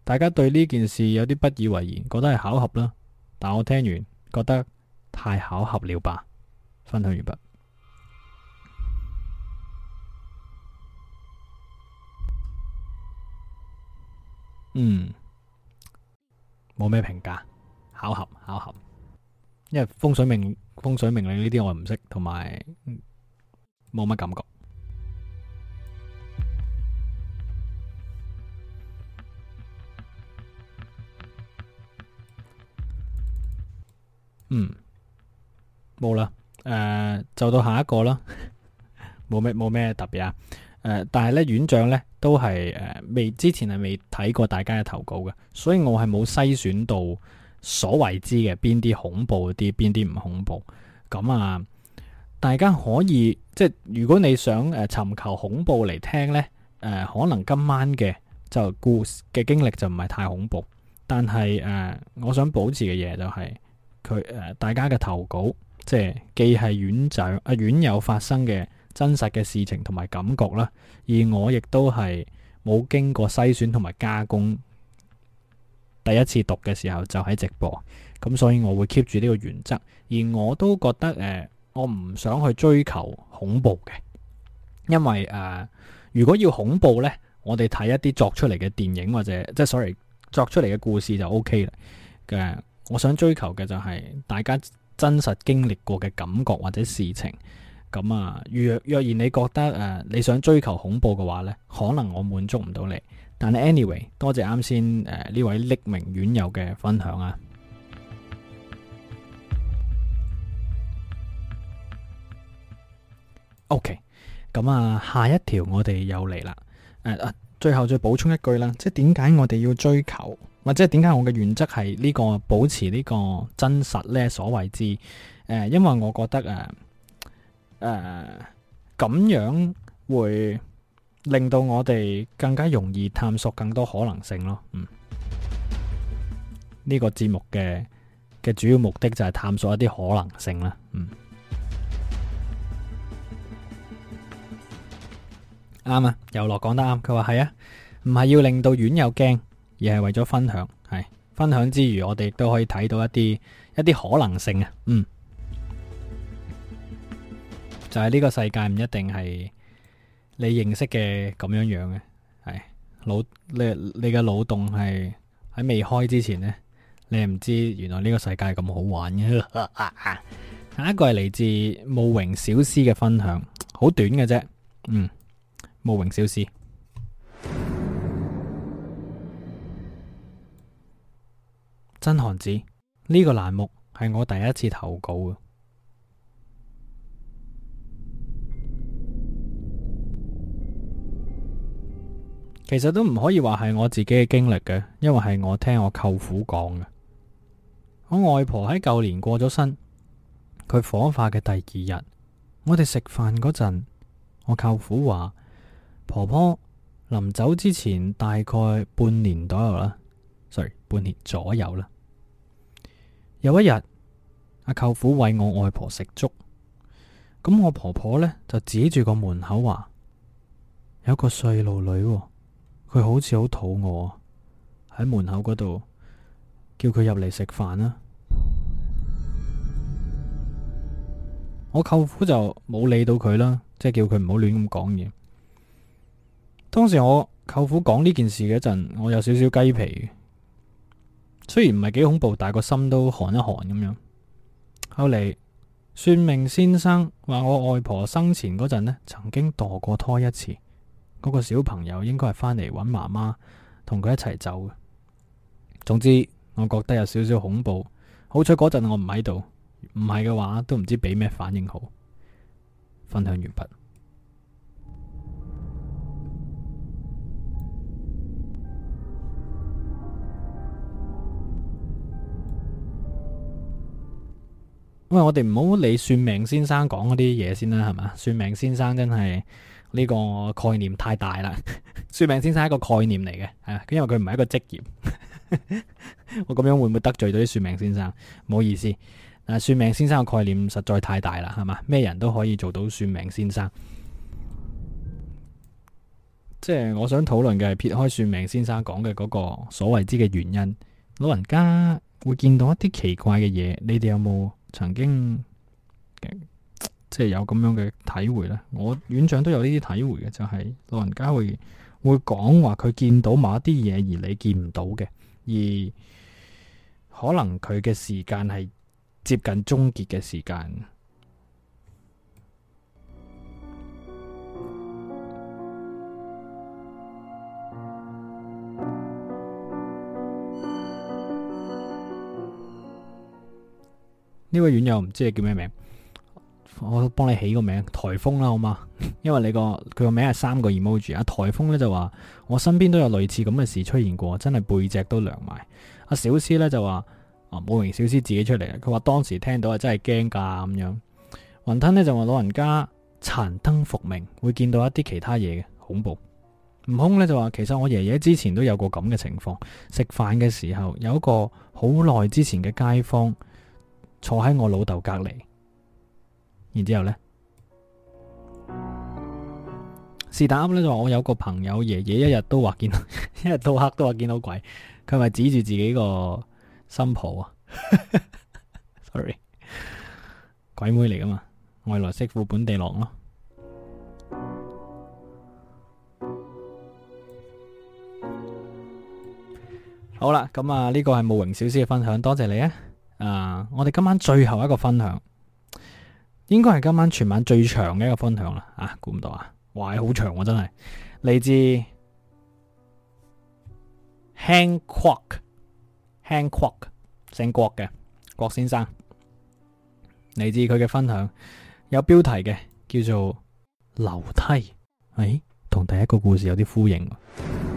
大家對呢件事有啲不以為然，覺得係巧合啦。但我聽完覺得太巧合了吧。分享完畢。嗯，冇咩評價，巧合巧合，因為風水命風水命令呢啲我唔識，同埋冇乜感覺。嗯，冇啦。誒、呃，就到下一個啦。冇咩冇咩特別啊。誒、呃，但係咧，院長咧都係誒未之前係未睇過大家嘅投稿嘅，所以我係冇篩選到所謂知嘅邊啲恐怖啲，邊啲唔恐怖咁啊、嗯呃。大家可以即係如果你想誒尋求恐怖嚟聽咧誒、呃、可能今晚嘅就故事嘅經歷就唔係太恐怖，但係誒、呃、我想保持嘅嘢就係、是。佢誒，大家嘅投稿，即係既係院長、阿院友發生嘅真實嘅事情同埋感覺啦。而我亦都係冇經過篩選同埋加工。第一次讀嘅時候就喺直播，咁所以我會 keep 住呢個原則。而我都覺得誒、呃，我唔想去追求恐怖嘅，因為誒、呃，如果要恐怖呢，我哋睇一啲作出嚟嘅電影或者即係所 o 作出嚟嘅故事就 OK 啦嘅。呃我想追求嘅就係大家真實經歷過嘅感覺或者事情，咁啊，若若然你覺得誒、呃、你想追求恐怖嘅話呢，可能我滿足唔到你。但係 anyway，多謝啱先誒呢位匿名院友嘅分享啊。OK，咁啊，下一條我哋又嚟啦。誒、呃，最後再補充一句啦，即係點解我哋要追求？或者點解我嘅原則係呢個保持呢個真實呢所謂之誒、呃，因為我覺得誒誒咁樣會令到我哋更加容易探索更多可能性咯。嗯，呢、這個節目嘅嘅主要目的就係探索一啲可能性啦。嗯，啱、嗯、啊，游羅講得啱，佢話係啊，唔係要令到院友驚。而係為咗分享，係分享之餘，我哋都可以睇到一啲一啲可能性啊！嗯，就係呢個世界唔一定係你認識嘅咁樣樣嘅，係腦你你嘅腦洞係喺未開之前咧，你唔知原來呢個世界咁好玩嘅。 下一個係嚟自慕容小詩嘅分享，好短嘅啫，嗯，慕容小詩。真寒子呢個欄目係我第一次投稿啊！其實都唔可以話係我自己嘅經歷嘅，因為係我聽我舅父講嘅。我外婆喺舊年過咗身，佢火化嘅第二日，我哋食飯嗰陣，我舅父話婆婆臨走之前大概半年左右啦。Sorry，半年左右啦。有一日，阿舅父喂我外婆食粥，咁我婆婆呢就指住個門口話：有一個細路女、哦，佢好似好肚餓喺門口嗰度，叫佢入嚟食飯啦。我舅父就冇理到佢啦，即係叫佢唔好亂咁講嘢。當時我舅父講呢件事嗰陣，我有少少雞皮。雖然唔係幾恐怖，但係個心都寒一寒咁樣。後嚟算命先生話我外婆生前嗰陣咧，曾經墮過胎一次。嗰個小朋友應該係翻嚟搵媽媽，同佢一齊走嘅。總之，我覺得有少少恐怖。好彩嗰陣我唔喺度，唔係嘅話都唔知俾咩反應好。分享完畢。因為我哋唔好理算命先生講嗰啲嘢，先啦，係嘛？算命先生真係呢個概念太大啦。 算命先生係一個概念嚟嘅，係因為佢唔係一個職業。 我咁樣會唔會得罪到啲算命先生？唔好意思，但算命先生嘅概念實在太大啦，係嘛？咩人都可以做到算命先生，即係我想討論嘅係撇開算命先生講嘅嗰個所謂之嘅原因，老人家會見到一啲奇怪嘅嘢，你哋有冇？曾經即係有咁樣嘅體會咧，我院長都有呢啲體會嘅，就係、是、老人家會會講話佢見到某一啲嘢而你見唔到嘅，而可能佢嘅時間係接近終結嘅時間。呢位院友唔知係叫咩名，我幫你起個名台風啦，好嘛？ 因為你個佢個名係三個 emoji 啊。台風咧，就話我身邊都有類似咁嘅事出現過，真係背脊都涼埋。阿小詩咧，就話啊，冇、啊、名小詩自己出嚟啊。佢話當時聽到啊，真係驚架咁樣。雲吞呢就話老人家殘燈復明，會見到一啲其他嘢嘅恐怖。悟空咧，就話其實我爺爺之前都有過咁嘅情況，食飯嘅時候有一個好耐之前嘅街坊。坐喺我老豆隔籬，然之後咧，是但啱咧就話我有個朋友爺爺一日都話見到， 一日到黑都話見到鬼，佢咪指住自己個新抱啊 ？sorry，鬼妹嚟噶嘛，外來媳婦本地郎咯。好啦，咁啊呢個係慕容小詩嘅分享，多謝你啊！啊！Uh，我哋今晚最後一個分享，應該係今晚全晚最長嘅一個分享啦。啊，估唔到啊，哇，好長啊，真係。嚟自 Hang Quok，Hang a Quok，a 姓郭嘅郭先生，嚟自佢嘅分享，有標題嘅，叫做樓梯。誒、哎，同第一個故事有啲呼應，啊。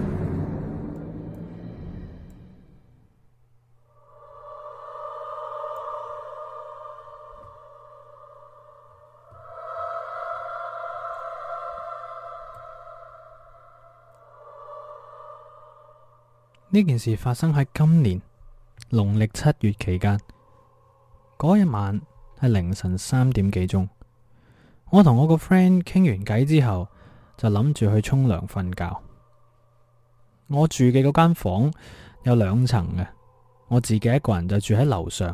呢件事發生喺今年農曆七月期間，嗰一晚係凌晨三點幾鐘。我同我個 friend 傾完偈之後，就諗住去沖涼瞓覺。我住嘅嗰間房有兩層嘅，我自己一個人就住喺樓上，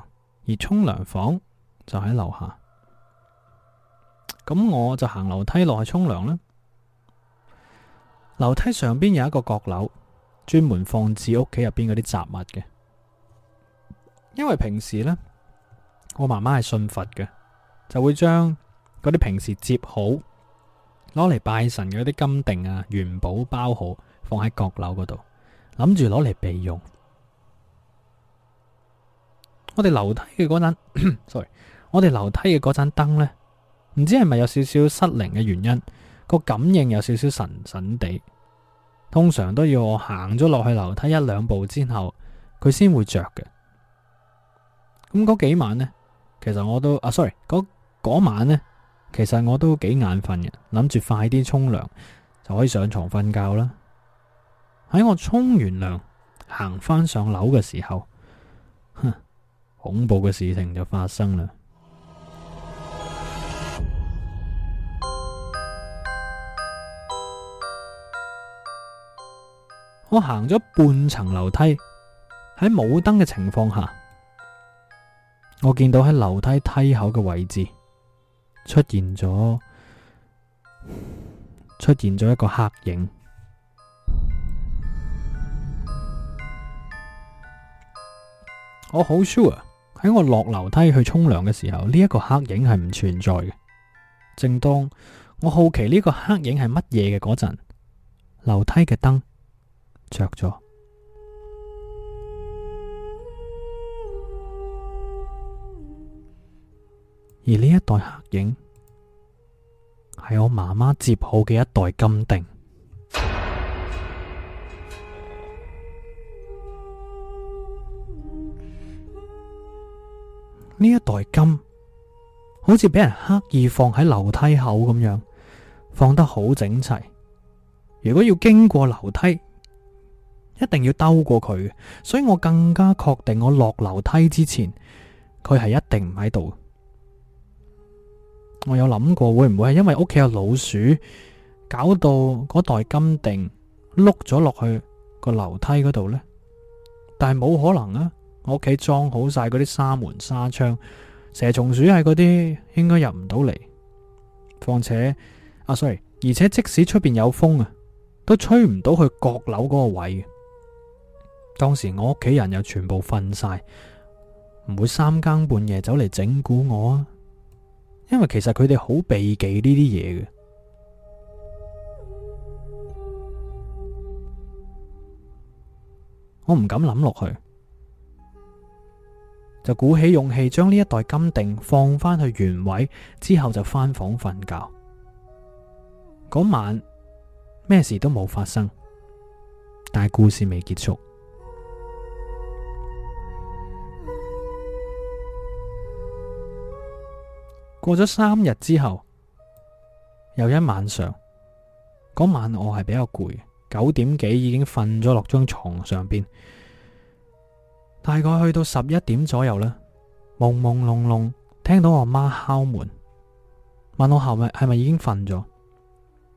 而沖涼房就喺樓下。咁我就行樓梯落去沖涼啦。樓梯上邊有一個閣樓。專門放置屋企入邊嗰啲雜物嘅，因為平時呢，我媽媽係信佛嘅，就會將嗰啲平時接好，攞嚟拜神嘅嗰啲金錠啊、元寶包好，放喺閣樓嗰度，諗住攞嚟備用。我哋樓梯嘅嗰盞，sorry，我哋樓梯嘅嗰盞燈呢，唔知係咪有少少失靈嘅原因，個感應有少少神神地。通常都要我行咗落去樓梯一兩步之後，佢先會着嘅。咁嗰幾晚呢，其實我都啊，sorry，嗰晚呢，其實我都幾眼瞓嘅，諗住快啲沖涼就可以上床瞓覺啦。喺我沖完涼行翻上樓嘅時候，哼，恐怖嘅事情就發生啦。我行咗半層樓梯，喺冇燈嘅情況下，我見到喺樓梯梯口嘅位置出現咗出現咗一個黑影。我好 sure 喺我落樓梯去沖涼嘅時候，呢一個黑影係唔存在嘅。正當我好奇呢個黑影係乜嘢嘅嗰陣，樓梯嘅燈。着咗，而呢一袋黑影係我媽媽接好嘅一袋金錠。呢一袋金好似俾人刻意放喺樓梯口咁樣，放得好整齊。如果要經過樓梯。一定要兜過佢，所以我更加確定我落樓梯之前，佢係一定唔喺度。我有諗過會唔會係因為屋企有老鼠，搞到嗰袋金錠碌咗落去個樓梯嗰度呢？但係冇可能啊！我屋企裝好晒嗰啲紗門紗窗，蛇蟲鼠蟻嗰啲應該入唔到嚟。況且啊，sorry，而且即使出邊有風啊，都吹唔到去閣樓嗰個位。當時我屋企人又全部瞓晒，唔會三更半夜走嚟整蠱我啊。因為其實佢哋好避忌呢啲嘢嘅，我唔敢諗落去，就鼓起勇氣將呢一袋金錠放翻去原位之後，就翻房瞓覺。嗰晚咩事都冇發生，但係故事未結束。過咗三日之後，又一晚上。嗰晚我係比較攰，九點幾已經瞓咗落張床上邊。大概去到十一點左右啦，朦朦朧朧聽到我媽敲門，問我後咪係咪已經瞓咗？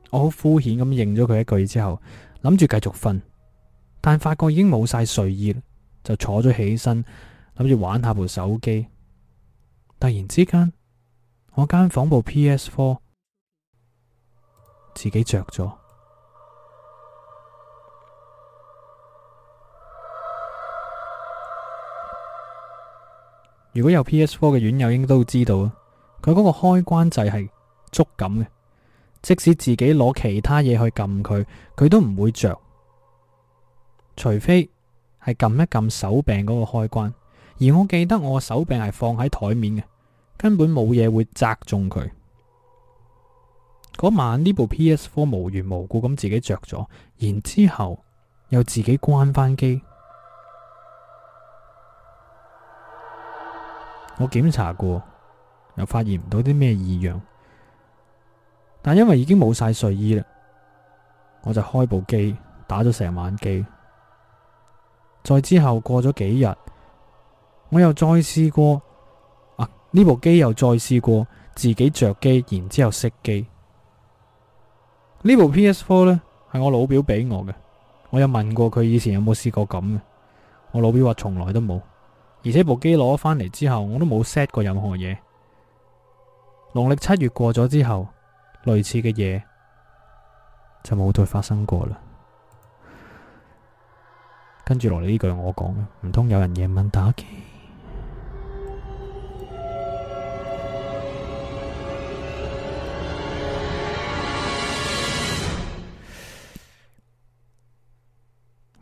我好敷衍咁應咗佢一句之後，諗住繼續瞓，但係發覺已經冇晒睡意，就坐咗起身諗住玩下部手機。突然之間。我間房部 P S Four 自己着咗。如果有 P S Four 嘅院友，應該都知道啊。佢嗰個開關掣係觸感嘅，即使自己攞其他嘢去撳佢，佢都唔會着。除非係撳一撳手柄嗰個開關。而我記得我手柄係放喺台面嘅。根本冇嘢會砸中佢。嗰晚呢部 PS4 無緣無故咁自己着咗，然之後又自己關翻機。我檢查過，又發現唔到啲咩異樣。但因為已經冇晒睡衣啦，我就開部機打咗成晚機。再之後過咗幾日，我又再試過。呢部機又再試過自己着機，然之後熄機。呢部 PS4 呢係我老表俾我嘅，我有問過佢以前有冇試過咁嘅。我老表話從來都冇，而且部機攞返嚟之後我都冇 set 過任何嘢。農曆七月過咗之後，類似嘅嘢就冇再發生過啦。跟住落嚟呢句我講嘅，唔通有人夜晚打機？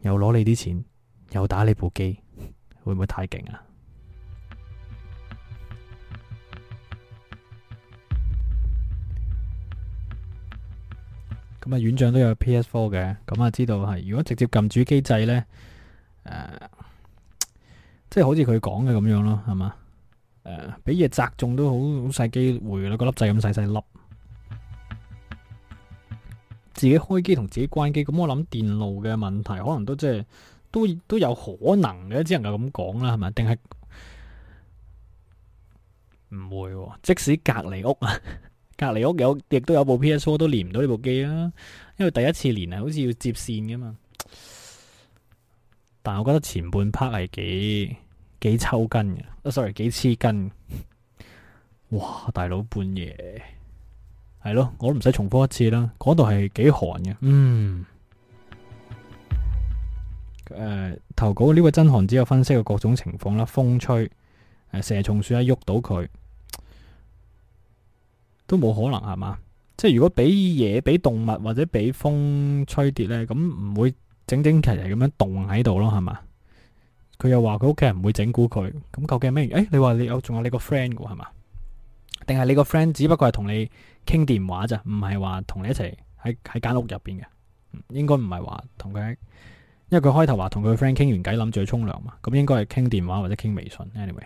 又攞你啲錢，又打你部機，會唔會太勁啊？咁啊， 院長都有 PS4 嘅，咁啊知道係如果直接撳住機制呢，呃、即係好似佢講嘅咁樣咯，係嘛？誒、呃，俾嘢砸中都好好細機會啦，個粒掣咁細細粒。自己開機同自己關機，咁我諗電路嘅問題可能都即係都都有可能嘅，只能夠咁講啦，係咪？定係唔會？即使隔離屋啊，隔離屋有亦都有部 PS4 都連唔到呢部機啊，因為第一次連係，好似要接線嘅嘛。但係我覺得前半 part 係幾幾抽筋嘅，啊，sorry，幾黐筋。哇，大佬半夜！係咯，我都唔使重複一次啦。嗰度係幾寒嘅，嗯。誒、呃，投稿呢個真寒只有分析過各種情況啦。風吹，誒、呃、蛇蟲鼠蟻喐到佢，都冇可能係嘛？即係如果俾嘢、俾動物或者俾風吹跌咧，咁唔會整整齊齊咁樣凍喺度咯，係嘛？佢又話佢屋企人唔會整蠱佢，咁究竟係咩？誒、哎，你話你有仲有你個 friend 嘅係嘛？定係你個 friend 只不過係同你？傾電話咋，唔係話同你一齊喺喺間屋入邊嘅，應該唔係話同佢，因為佢開頭話同佢 friend 傾完偈諗住去沖涼嘛，咁應該係傾電話或者傾微信，anyway。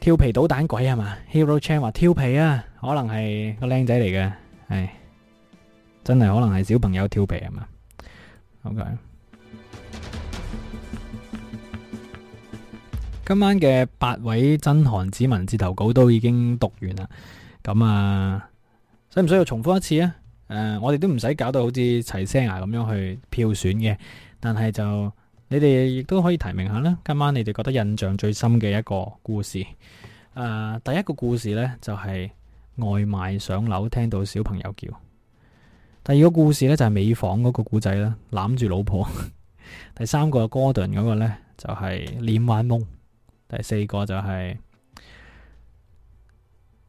調 皮搗蛋鬼係嘛？Hero Chan 話調皮啊，可能係個靚仔嚟嘅，唉，真係可能係小朋友調皮係嘛？OK。今晚嘅八位真寒子文字投稿都已經讀完啦，咁、嗯、啊，需唔需要重複一次咧？誒、呃，我哋都唔使搞到好似齊聲啊咁樣去票選嘅，但係就你哋亦都可以提名下啦。今晚你哋覺得印象最深嘅一個故事，誒、呃，第一個故事呢，就係、是、外賣上樓聽到小朋友叫，第二個故事呢，就係、是、美房嗰個古仔啦，攬住老婆， 第三個 Gordon 嗰個呢，就係、是、臉玩懵。第四個就係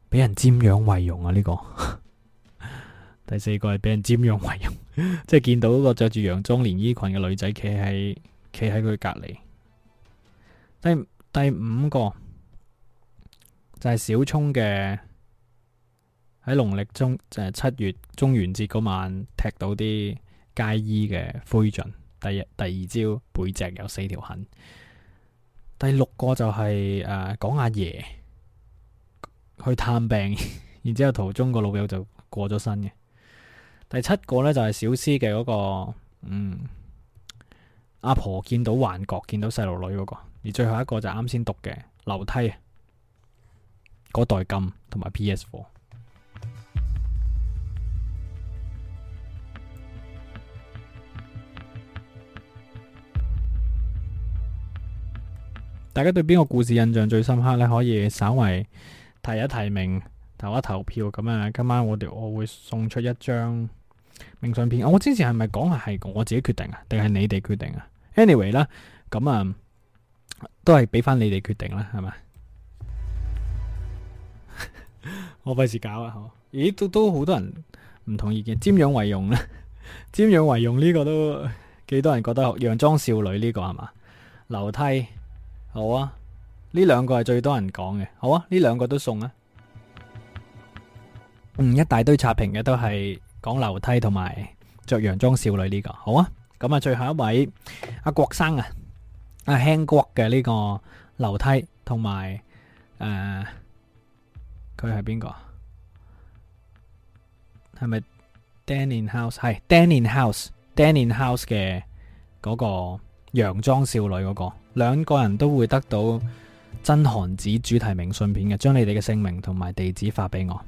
俾人瞻仰遺容啊！呢、這個 第四個係俾人瞻仰遺容， 即係見到個着住洋裝連衣裙嘅女仔企喺企喺佢隔籬。第第五個就係小聰嘅喺農曆中就誒、是、七月中元節嗰晚踢到啲街衣嘅灰燼。第二第二朝背脊有四條痕。第六個就係誒，講阿爺去探病，然之後途中個老友就過咗身嘅。第七個呢就係、是、小 C 嘅嗰個嗯，阿婆見到幻覺見到細路女嗰、那個，而最後一個就係啱先讀嘅樓梯啊，嗰袋金同埋 PS4。大家對邊個故事印象最深刻呢？可以稍微提一提名，投一投票咁啊。今晚我哋我會送出一張明信片。哦、我之前係咪講係我自己決定啊？定係你哋決定啊？Anyway 啦、啊，咁啊都係俾翻你哋決定啦，係咪？ 我費事搞啊！咦，都都好多人唔同意嘅，瞻仰為用呢？瞻仰為用呢個都幾多人覺得？洋裝少女呢、這個係嘛？樓梯。好啊，呢兩個係最多人講嘅。好啊，呢兩個都送啊。嗯，一大堆刷屏嘅都係講樓梯同埋着洋裝少女呢個。好啊，咁啊，最後一位阿郭生啊，阿輕郭嘅呢個樓梯同埋誒，佢係邊個？係咪 Danny House？係 Danny House，Danny House 嘅嗰個洋裝少女嗰個。兩個人都會得到真寒子主題明信片嘅，將你哋嘅姓名同埋地址發俾我。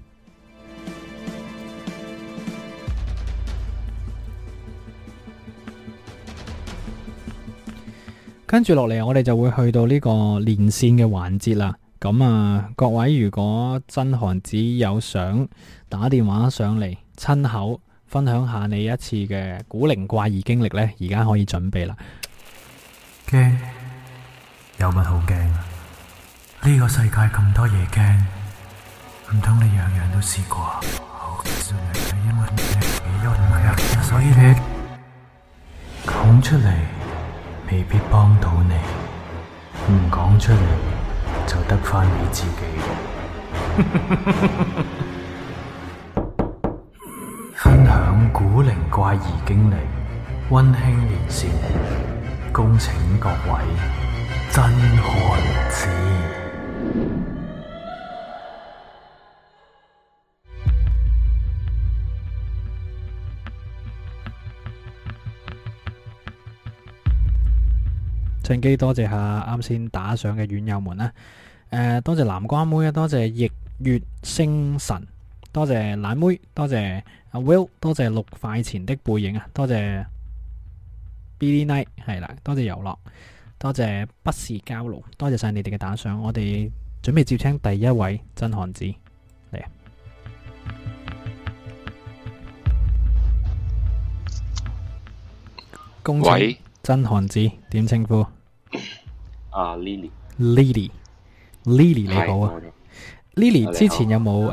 跟住落嚟，我哋就會去到呢個連線嘅環節啦。咁啊，各位如果真寒子有想打電話上嚟，親口分享下你一次嘅古靈怪異經歷呢，而家可以準備啦。Okay. 有乜好驚啊？呢個世界咁多嘢驚，唔通你樣樣都試過啊？好，其實係因為你自己壓力大，多多嗯、所以你講出嚟未必幫到你，唔講出嚟就得翻你自己。 分享古靈怪異經歷，溫馨連線，恭請各位。真寒子，趁機多謝下啱先打賞嘅院友們啦！誒、呃，多謝南瓜妹啊，多謝逆月星辰，多謝懶妹，多謝阿、啊、Will，多謝六塊錢的背影啊，多謝 B D Knight，係啦，多謝遊樂。多謝不是交流，多謝晒你哋嘅打賞，我哋準備接聽第一位真寒子嚟。恭喂，真寒子點稱呼？Lily，Lily，Lily、啊、Lily. Lily, 你好啊，Lily 好，之前有冇誒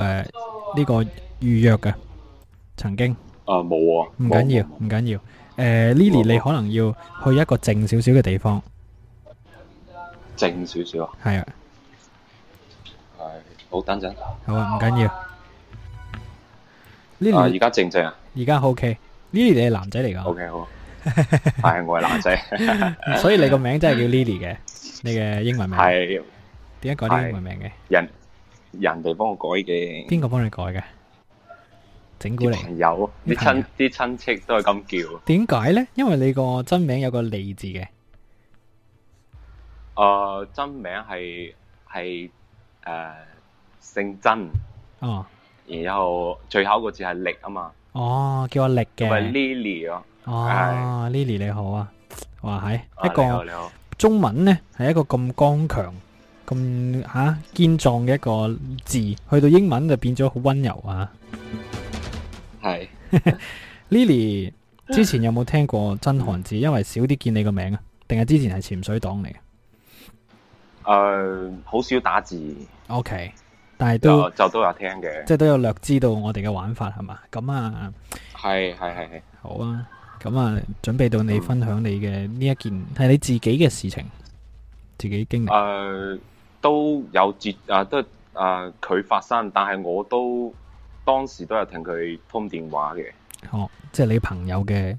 呢個預約嘅？曾經啊冇啊，唔緊要，唔緊要。Lily 你可能要去一個靜少少嘅地方。靜少少，係啊，係，好，等陣，好啊，唔緊要。Lily 而家靜唔靜啊？而家 O K。Lily 你係男仔嚟噶？O K 好，係我係男仔，所以你個名真係叫 Lily 嘅？你嘅英文名係點解改啲英文名嘅？人人哋幫我改嘅，邊個幫你改嘅？整蠱嚟，有啲親啲親戚都係咁叫。點解咧？因為你個真名有個利字嘅。誒、呃，真名係係誒姓真哦，然後最後個字係力啊嘛哦，叫阿力嘅，Lily 哦 Lily 你好啊，哇係、啊、一個中文呢係一個咁剛強咁吓健壯嘅一個字，去到英文就變咗好温柔啊，係是 Lily 之前有冇聽過真寒子？因為少啲見你個名啊，定係之前係潛水黨嚟？誒，好、uh, 少打字。O、okay, K，但係都、呃、就都有聽嘅，即係都有略知道我哋嘅玩法係嘛？咁啊，係係係係，好啊！咁啊，準備到你分享你嘅呢一件係、嗯、你自己嘅事情，自己經歷。誒，uh, 都有接啊，都、呃、啊，佢發生，但係我都當時都有聽佢通電話嘅。哦，即係你朋友嘅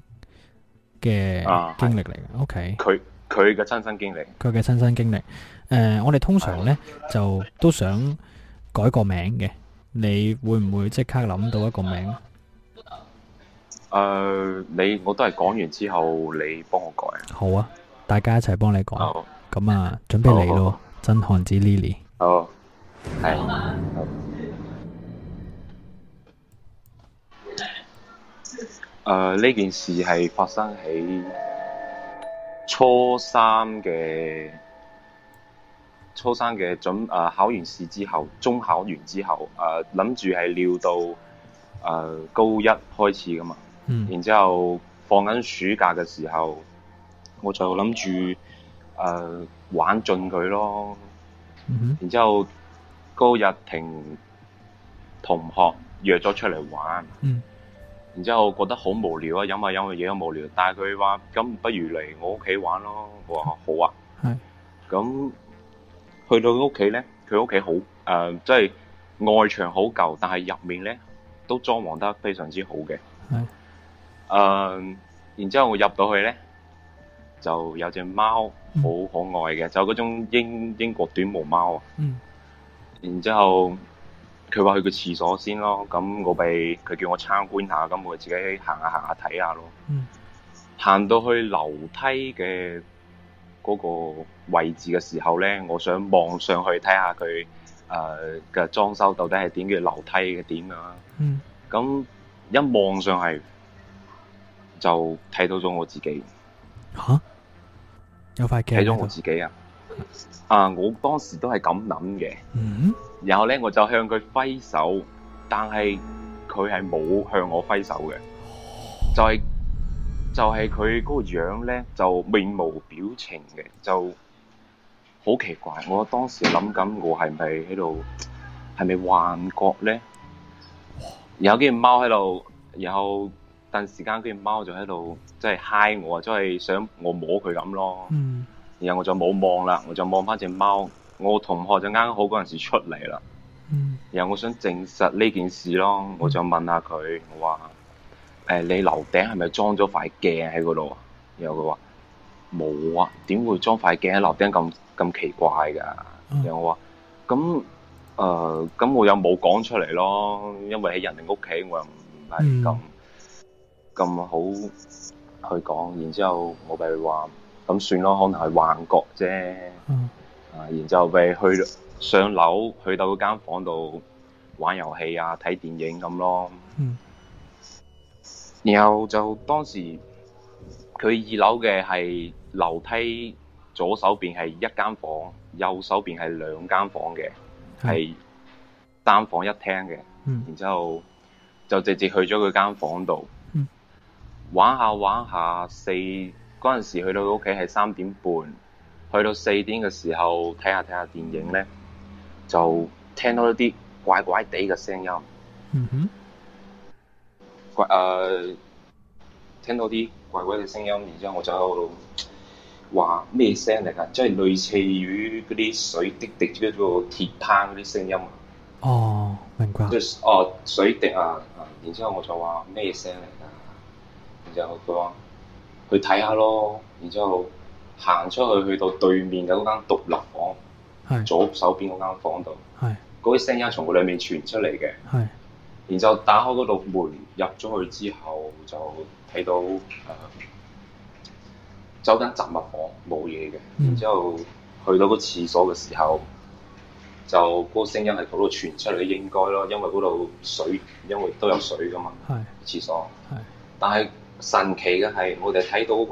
嘅經歷嚟嘅。OK，佢佢嘅親身經歷，佢嘅親身經歷。呃、我哋通常呢，就都想改個名嘅，你會唔會即刻諗到一個名、呃？你我都係講完之後，你幫我改。好啊，大家一齊幫你講。咁、哦、啊，準備嚟咯，哦、真寒子 Lily。好、哦，係。呢、哦呃、件事係發生喺初三嘅。初三嘅準啊，考完試之後，中考完之後，啊諗住係料到啊、呃、高一開始㗎嘛，嗯、然之後放緊暑假嘅時候，我就諗住啊玩盡佢咯，然之後高日婷同學約咗出嚟玩，嗯、然之後覺得好無聊啊，飲下飲下嘢都無聊，但係佢話咁不如嚟我屋企玩咯，我話好啊，係咁、嗯。嗯。去到佢屋企咧，佢屋企好，誒、呃，即係外牆好舊，但係入面咧都裝潢得非常之好嘅。係、mm. 呃。然之後我入到去咧，就有隻貓好可愛嘅，就嗰種英英國短毛貓啊。嗯、mm.。然之後佢話去個廁所先咯，咁我畀佢叫我參觀下，咁我自己行下行下睇下咯。嗯。行、mm. 到去樓梯嘅。嗰個位置嘅時候咧，我想望上去睇下佢誒嘅裝修到底係點嘅，樓梯嘅點啊。咁、嗯、一望上係就睇到咗我自己。嚇、啊！有塊鏡。睇咗我自己啊！啊！我當時都係咁諗嘅。嗯、然後咧，我就向佢揮手，但係佢係冇向我揮手嘅，就係、係。就係佢嗰個樣咧，就面無表情嘅，就好奇怪。我當時諗緊，我係唔係喺度係咪幻覺咧？有啲貓喺度，然後頓時間，嗰隻貓就喺度即係嗨我，即係想我摸佢咁咯。Mm. 然後我就冇望啦，我就望翻隻貓。我同學就啱好嗰陣時出嚟啦。Mm. 然後我想證實呢件事咯，我就問下佢，我話。誒，你樓頂係咪裝咗塊鏡喺嗰度啊？然後佢話冇啊，點會裝塊鏡喺樓頂咁咁奇怪噶？啊、然後我話咁誒，咁我又冇講出嚟咯，因為喺人哋屋企，我又唔係咁咁好去講。然之後我咪話咁算咯，可能係幻覺啫。啊、嗯，然之後咪去上樓去到嗰間房度玩遊戲啊，睇電影咁咯。嗯嗯然後就當時佢二樓嘅係樓梯，左手邊係一間房，右手邊係兩間房嘅，係三、嗯、房一廳嘅。嗯、然之後就直接去咗佢間房度。嗯、玩下玩下，四嗰陣時去到佢屋企係三點半，去到四點嘅時候睇下睇下電影呢，就聽到一啲怪怪地嘅聲音。嗯哼誒、uh, 聽到啲怪怪嘅聲音，然之後我就話咩聲嚟㗎？即係類似於嗰啲水滴滴即個鐵鏽嗰啲聲音。哦，明白。即、就是、哦，水滴啊！然之後我就話咩聲嚟㗎？然之後佢話去睇下咯。然之後行出去去到對面嘅嗰間獨立房，是左手邊嗰間房度。係是。嗰啲聲音從佢裏面傳出嚟嘅。係。然之後打開嗰道門，入咗去之後就睇到誒、周間雜物房冇嘢嘅。然之後去到個廁所嘅時候，就嗰個聲音係嗰度傳出嚟嘅，應該咯，因為嗰度水，因為都有水噶嘛，廁是所。是但係神奇嘅係，我哋睇到嗰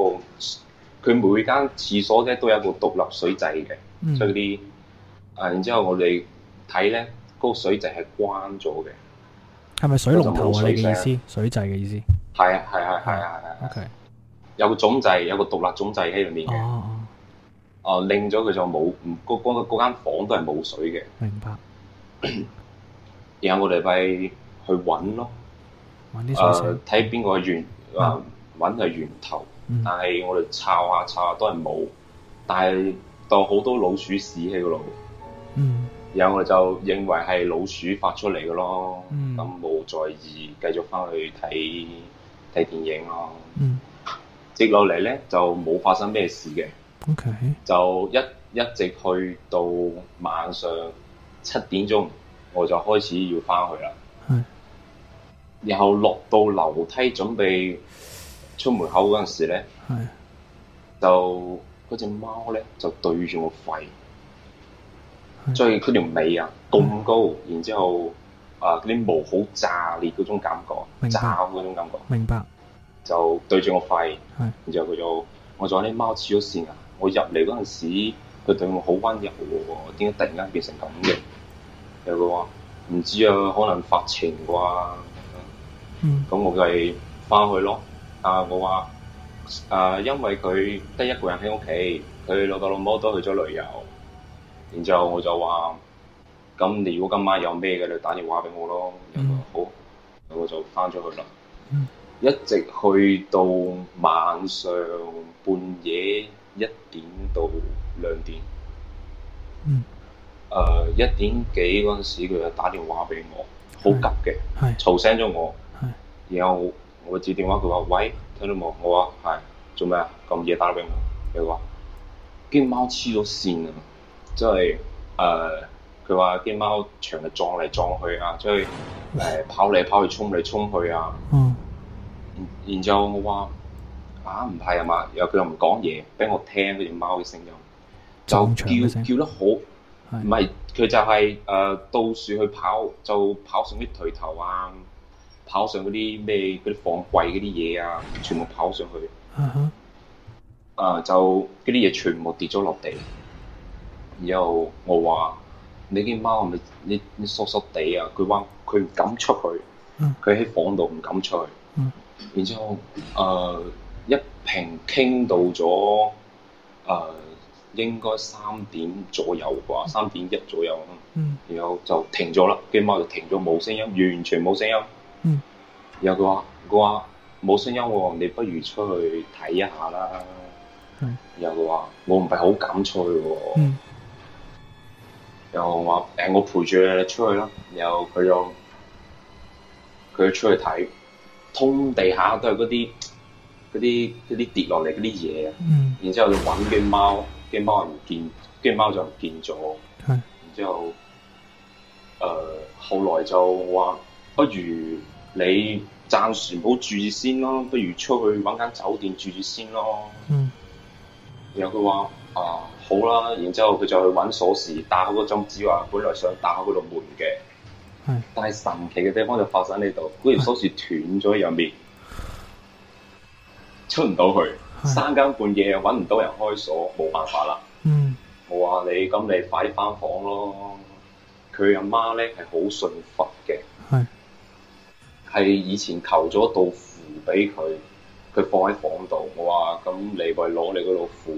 個佢每間廁所咧都有一個獨立水掣嘅，即係啲誒。然之後我哋睇咧，嗰個水掣係關咗嘅。係咪水龍頭啊？你嘅意思，水掣嘅意思，係啊，係係係啊，係係、啊。啊、OK，有個總掣，有個獨立總掣喺入面嘅。哦哦，擰咗佢就冇，嗰嗰間房都係冇水嘅。明白 然後我哋咪去揾咯，誒，睇邊個源，誒，揾係源頭，嗯、但係我哋抄下抄下都係冇，但係到好多老鼠屎喺度。嗯。然後我就認為係老鼠發出嚟嘅咯，咁冇、嗯、在意繼，繼續翻去睇睇電影咯、啊。嗯，接落嚟咧就冇發生咩事嘅。OK，就一一直去到晚上七點鐘，我就開始要翻去啦。係是，然後落到樓梯準備出門口嗰陣時咧是，就嗰隻貓咧就對住我吠。 所以佢條尾啊咁高， 然之後啊，啲毛好炸裂種感覺，白炸咁種感覺。明白。就對住我吠，然之後佢就白我就話啲貓黐咗線啊，我入嚟陣時，佢對我好温柔嘅，點解突然間變成咁嘅？又佢話唔知啊，可能發情啩。嗯。咁我就係翻去咯。啊，我話啊，因為佢得一個人喺屋企，佢老豆老母都去咗旅遊。然之後我就話：咁你如果今晚有咩嘅，你就打電話畀我咯。又話、嗯、好，然後我就返出去啦。嗯、一直去到晚上半夜一點到兩點。嗯。一、呃、點幾嗰陣時，佢就打電話畀我，好急嘅，嘈醒咗我。是然後我接電話，佢話：喂，聽到冇？我、哎、話：係。做咩啊？咁夜打嚟畀我？佢話：驚貓黐咗線啊！即係，誒，佢話啲貓長日撞嚟撞去啊，即係誒跑嚟跑去衝來衝去、衝嚟衝去啊。嗯。然，然就我話，啊，唔係啊嘛，然後佢又唔講嘢，俾我聽嗰隻貓嘅聲音，聲音就叫叫得好，唔係的，佢就係、是、誒、呃、到處去跑，就跑上啲台頭啊，跑上嗰啲咩嗰啲房櫃嗰啲嘢啊，全部跑上去。嗯、呃、就嗰啲嘢全部跌咗落地。然後我話：你啲貓係咪，你你縮縮地啊！佢話佢唔敢出去，佢喺房度唔敢出去。嗯、然之後，誒、呃、一平傾到咗誒、呃、應該三點左右啩，三點一左右。嗯、然後就停咗啦，啲貓就停咗，冇聲音，完全冇聲音。然後佢話：佢話冇聲音喎、哦，你不如出去睇一下啦。然後佢話：我唔係好敢出去喎、哦。嗯又話誒，我陪住你出去咯。然後佢又，佢出去睇，通地下都係嗰啲啲啲跌落嚟嗰啲嘢。嗯。然之後就揾嘅貓，嘅貓又唔見，嘅貓就唔見咗。然之後，誒、呃，後來就話，不如你暫時唔好住住先咯，不如出去揾間酒店住住先咯。然後佢話啊～好啦，然之後佢就去揾鎖匙打開張紙，話本來想打開嗰度門嘅，是但係神奇嘅地方就發生呢度，嗰條鎖匙斷咗入面，是出唔到去。是三更半夜揾唔到人開鎖，冇辦法啦。嗯、我話你咁，你快啲翻房咯。佢阿媽咧係好信佛嘅，係是以前求咗道符俾佢。佢放喺房度，我話：咁你為攞你個老虎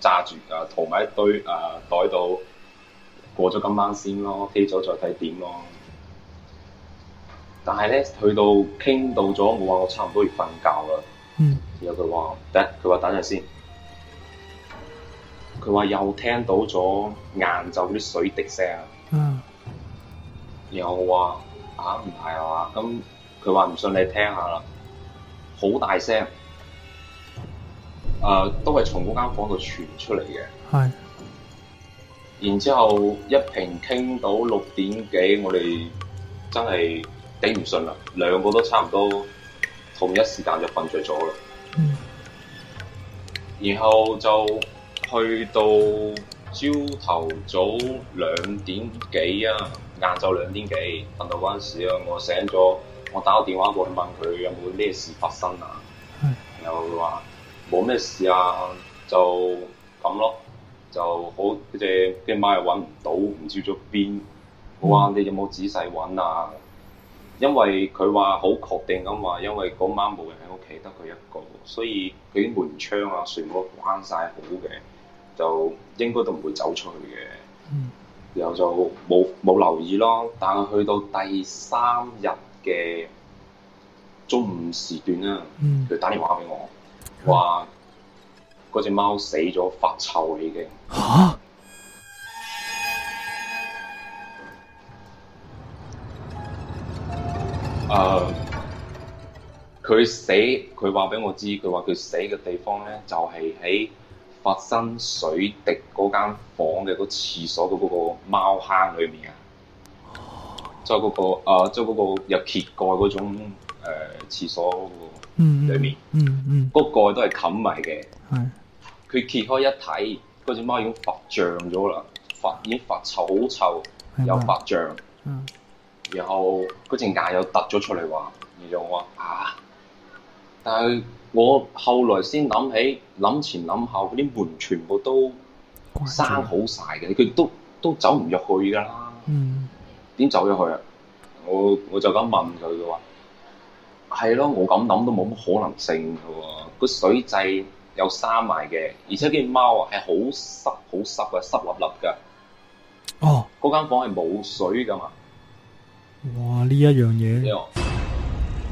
揸住啊，塗埋一堆啊、呃、袋度，過咗今晚先咯，聽朝再睇點咯。但係咧，去到傾到咗，我話我差唔多要瞓覺啦。然後佢話：得，佢話等陣先。佢話又聽到咗晏晝啲水滴聲。嗯。然後我話：啊，唔係啊嘛，咁佢話唔信你聽下啦，好大聲。誒，uh, 都係從嗰間房度傳出嚟嘅。係的。然之後一平傾到六點幾，我哋真係頂唔順啦。兩個都差唔多同一時間就瞓着咗啦。嗯的。然後就去到朝頭早兩點幾啊，晏晝兩點幾瞓到關事啊。我醒咗，我打個電話過去問佢有冇咩事發生啊？係的。然後佢話。冇咩事啊，就咁咯，就好嗰隻經馬又揾唔到，唔知咗邊。我話你有冇仔細揾啊？因為佢話好確定咁話，因為嗰晚冇人喺屋企，得佢一個，所以佢啲門窗啊、全部關晒好嘅，就應該都唔會走出去嘅。然後就冇冇留意咯，但係去到第三日嘅中午時段啦、啊，佢打電話俾我。話嗰隻貓死咗，發臭已經。吓、啊？誒，佢死，佢話畀我知，佢話佢死嘅地方咧，就係、是、喺發生水滴嗰間房嘅嗰廁所嘅嗰個貓坑裏面啊。即係嗰個誒，即、呃、係、嗰、個有揭蓋嗰種誒廁、呃、所、嗰個。嗯，裏面，嗯嗯，個、嗯、蓋、嗯、都係冚埋嘅，係的，佢揭開一睇，嗰隻貓已經發脹咗啦，發已經發臭，好臭，又發脹脹，嗯、然後嗰隻牙又突咗出嚟話，然後我話啊，但係我後來先諗起，諗前諗後，嗰啲門全部都閂好晒嘅，佢都都走唔入去噶啦，點、嗯、走入去啊？我我，我就咁問佢嘅話。係咯，我咁諗都冇乜可能性嘅喎。個水掣有閂埋嘅，而且啲貓啊係好濕好濕嘅，濕立立嘅。哦，嗰間房係冇水㗎嘛？哇！呢一樣嘢，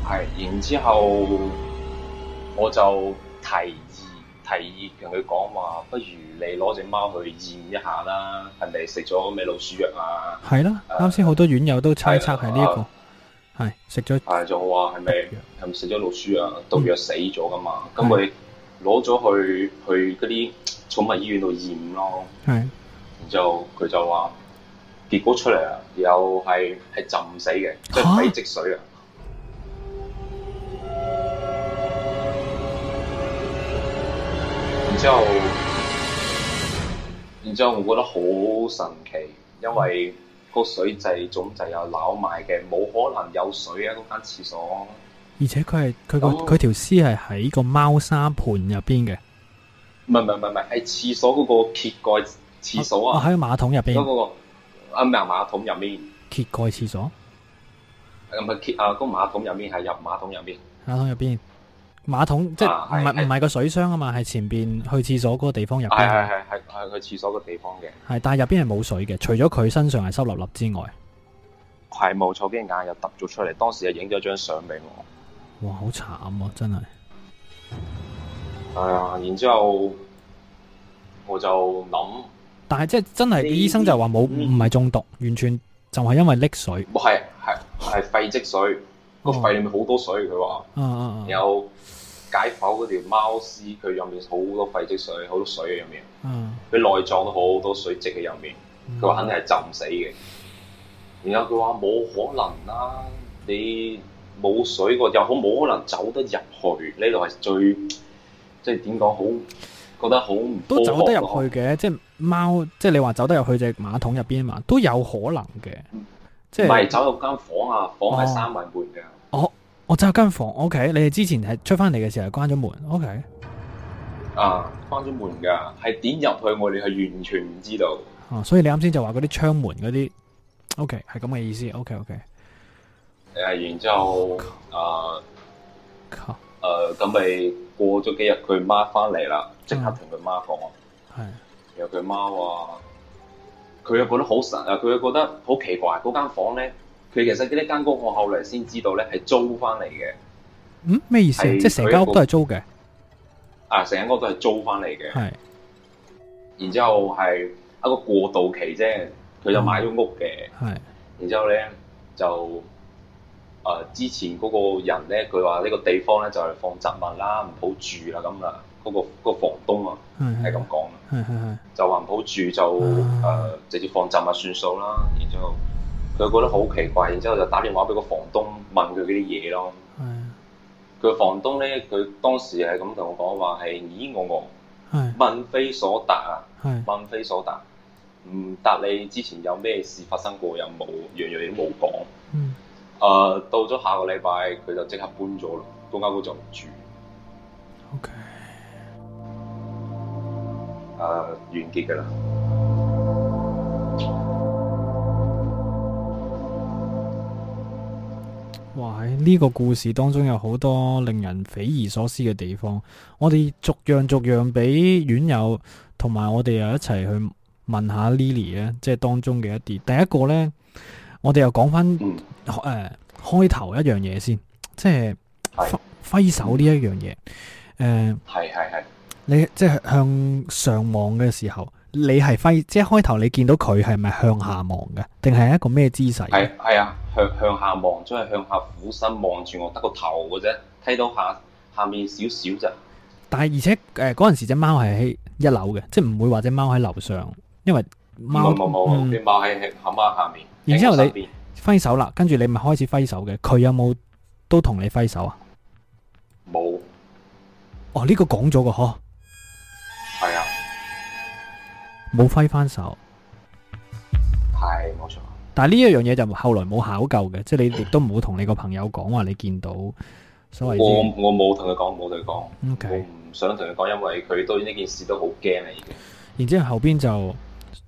係。然之後我就提議提議同佢講話，不如你攞隻貓去驗一下啦。人哋食咗咩老鼠藥啊？係啦、啊，啱先好多院友都猜測係呢一個。係食咗，係就話係咪係咪食咗老鼠啊？毒藥死咗噶嘛？咁佢攞咗去去嗰啲寵物醫院度驗咯，嗯、然之後佢就話結果出嚟，就是，啊，又係係浸死嘅，即係俾積水啊！然之後，然之後我覺得好神奇，因為。個水掣、就是、總就有扭埋嘅，冇可能有水啊！嗰間廁所，而且佢係佢個佢條屍係喺個貓砂盤入邊嘅，唔係唔係唔係，係廁所嗰個揭蓋廁所啊！喺個馬桶入邊嗰個啊，唔係馬桶入面揭蓋廁所，咁係揭啊個馬桶入面係入馬桶入面，馬桶入邊。馬桶即係唔係唔係個水箱啊嘛，係前邊去廁所嗰個地方入邊，係係係係去廁所個地方嘅。係但係入邊係冇水嘅，除咗佢身上係濕立立之外，係冇錯，啲眼又凸咗出嚟，當時又影咗張相俾我。哇，好慘啊，真係。係啊，然之後我就諗，但係即係真係醫生就話冇唔係中毒，完全就係因為溺水。冇係係係肺積水，個肺裏面好多水，佢話。有解剖嗰條貓屍，佢入面好多廢積水，好多水喺入面。嗯，佢內臟都好多水積喺入面。佢話肯定係浸死嘅。嗯、然後佢話冇可能啦、啊，你冇水個又好冇可能走得入去。呢度係最即係點講，好覺得好都走得入去嘅。即係貓，即係你話走得入去隻馬桶入邊啊嘛，都有可能嘅。即係唔係走入間房啊？哦、房係三米半嘅。哦我就間房，O K，你哋之前係出翻嚟嘅時候關咗門，O K，啊，關咗門噶，係點入去我哋係完全唔知道。哦、啊，所以你啱先就話嗰啲窗門嗰啲，O K，係咁嘅意思，O K，O K。誒、okay, okay，然之後，啊，誒、啊，咁、啊、咪、啊、過咗幾日，佢媽翻嚟啦，即刻同佢媽講，係、嗯，然後佢媽話，佢覺得好神，誒，佢覺得好奇怪，嗰間房咧。佢其實呢啲間屋我後嚟先知道咧，係租翻嚟嘅。嗯，咩意思？即係成間屋都係租嘅。啊，成間屋都係租翻嚟嘅。係。然之後係一個過渡期啫，佢、嗯、就買咗屋嘅。係、嗯。然之後咧就啊、呃，之前嗰個人咧，佢話呢個地方咧就係放雜物啦，唔好住啦咁啦。嗰、嗰個、嗰個房東啊，係咁講。嗯就話唔好住就誒直接放雜物算數啦，然之後。佢覺得好奇怪，然之後就打電話俾個房東問佢嗰啲嘢咯。佢的房東咧，佢當時係咁同我講話係：咦我我問非所答啊，的問非所答，唔答的你之前有咩事發生過又冇，樣樣嘢都冇講。的嗯。呃、到咗下個禮拜佢就即刻搬咗啦，公家屋就唔住。OK。誒、呃，完結㗎啦。哇！呢、這個故事當中有好多令人匪夷所思嘅地方，我哋逐樣逐樣俾院友同埋我哋又一齊去問下 Lily 咧，即係當中嘅一啲。第一個咧，我哋又講翻誒開頭一樣嘢先，即係揮手呢一樣嘢誒。係係係。你即係向上望嘅時候。你係揮，即係開頭你見到佢係咪向下望嘅，定係一個咩姿勢？係係啊，向向下望，呃，即係向下俯身望住我，得個頭嘅啫，睇到下下面少少啫。但係而且誒，嗰陣時隻貓係喺一樓嘅，即係唔會話隻貓喺樓上，因為貓冇冇，隻貓喺喺下面。然之後你揮手啦，跟住你咪開始揮手嘅，佢有冇都同你揮手啊？冇。哦，呢個講咗個嗬。冇揮翻手，係冇錯。但係呢一樣嘢就後來冇考究嘅，即係你亦都冇同你個朋友講話， 你見到所謂。我 Okay. 我冇同佢講，冇同佢講。我唔想同佢講，因為佢對呢件事都好驚啦已經。然之後後邊就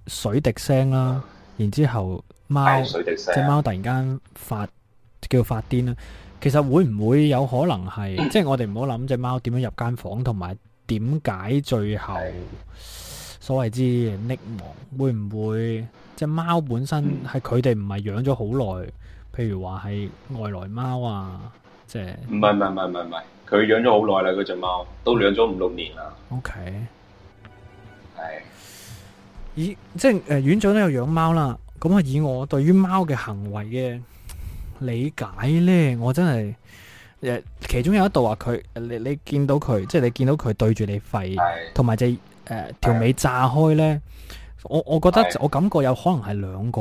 水滴聲啦，嗯、然之後貓隻貓突然間發叫發癲啦。其實會唔會有可能係？ 即係我哋唔好諗隻貓點樣入間房，同埋點解最後？所謂之溺亡，Nick, 會唔會隻貓本身係佢哋唔係養咗好耐？嗯、譬如話係外來貓啊，即係唔係唔係唔係唔係，佢養咗好耐啦，嗰隻貓都養咗五六年啦。OK，係以即係誒、呃，院長都有養貓啦。咁啊，以我對於貓嘅行為嘅理解呢，我真係誒，其中有一度話佢，你你見到佢，即係你見到佢對住你吠，同埋只。誒，條、呃、尾炸開呢，我我覺得我感覺有可能係兩個，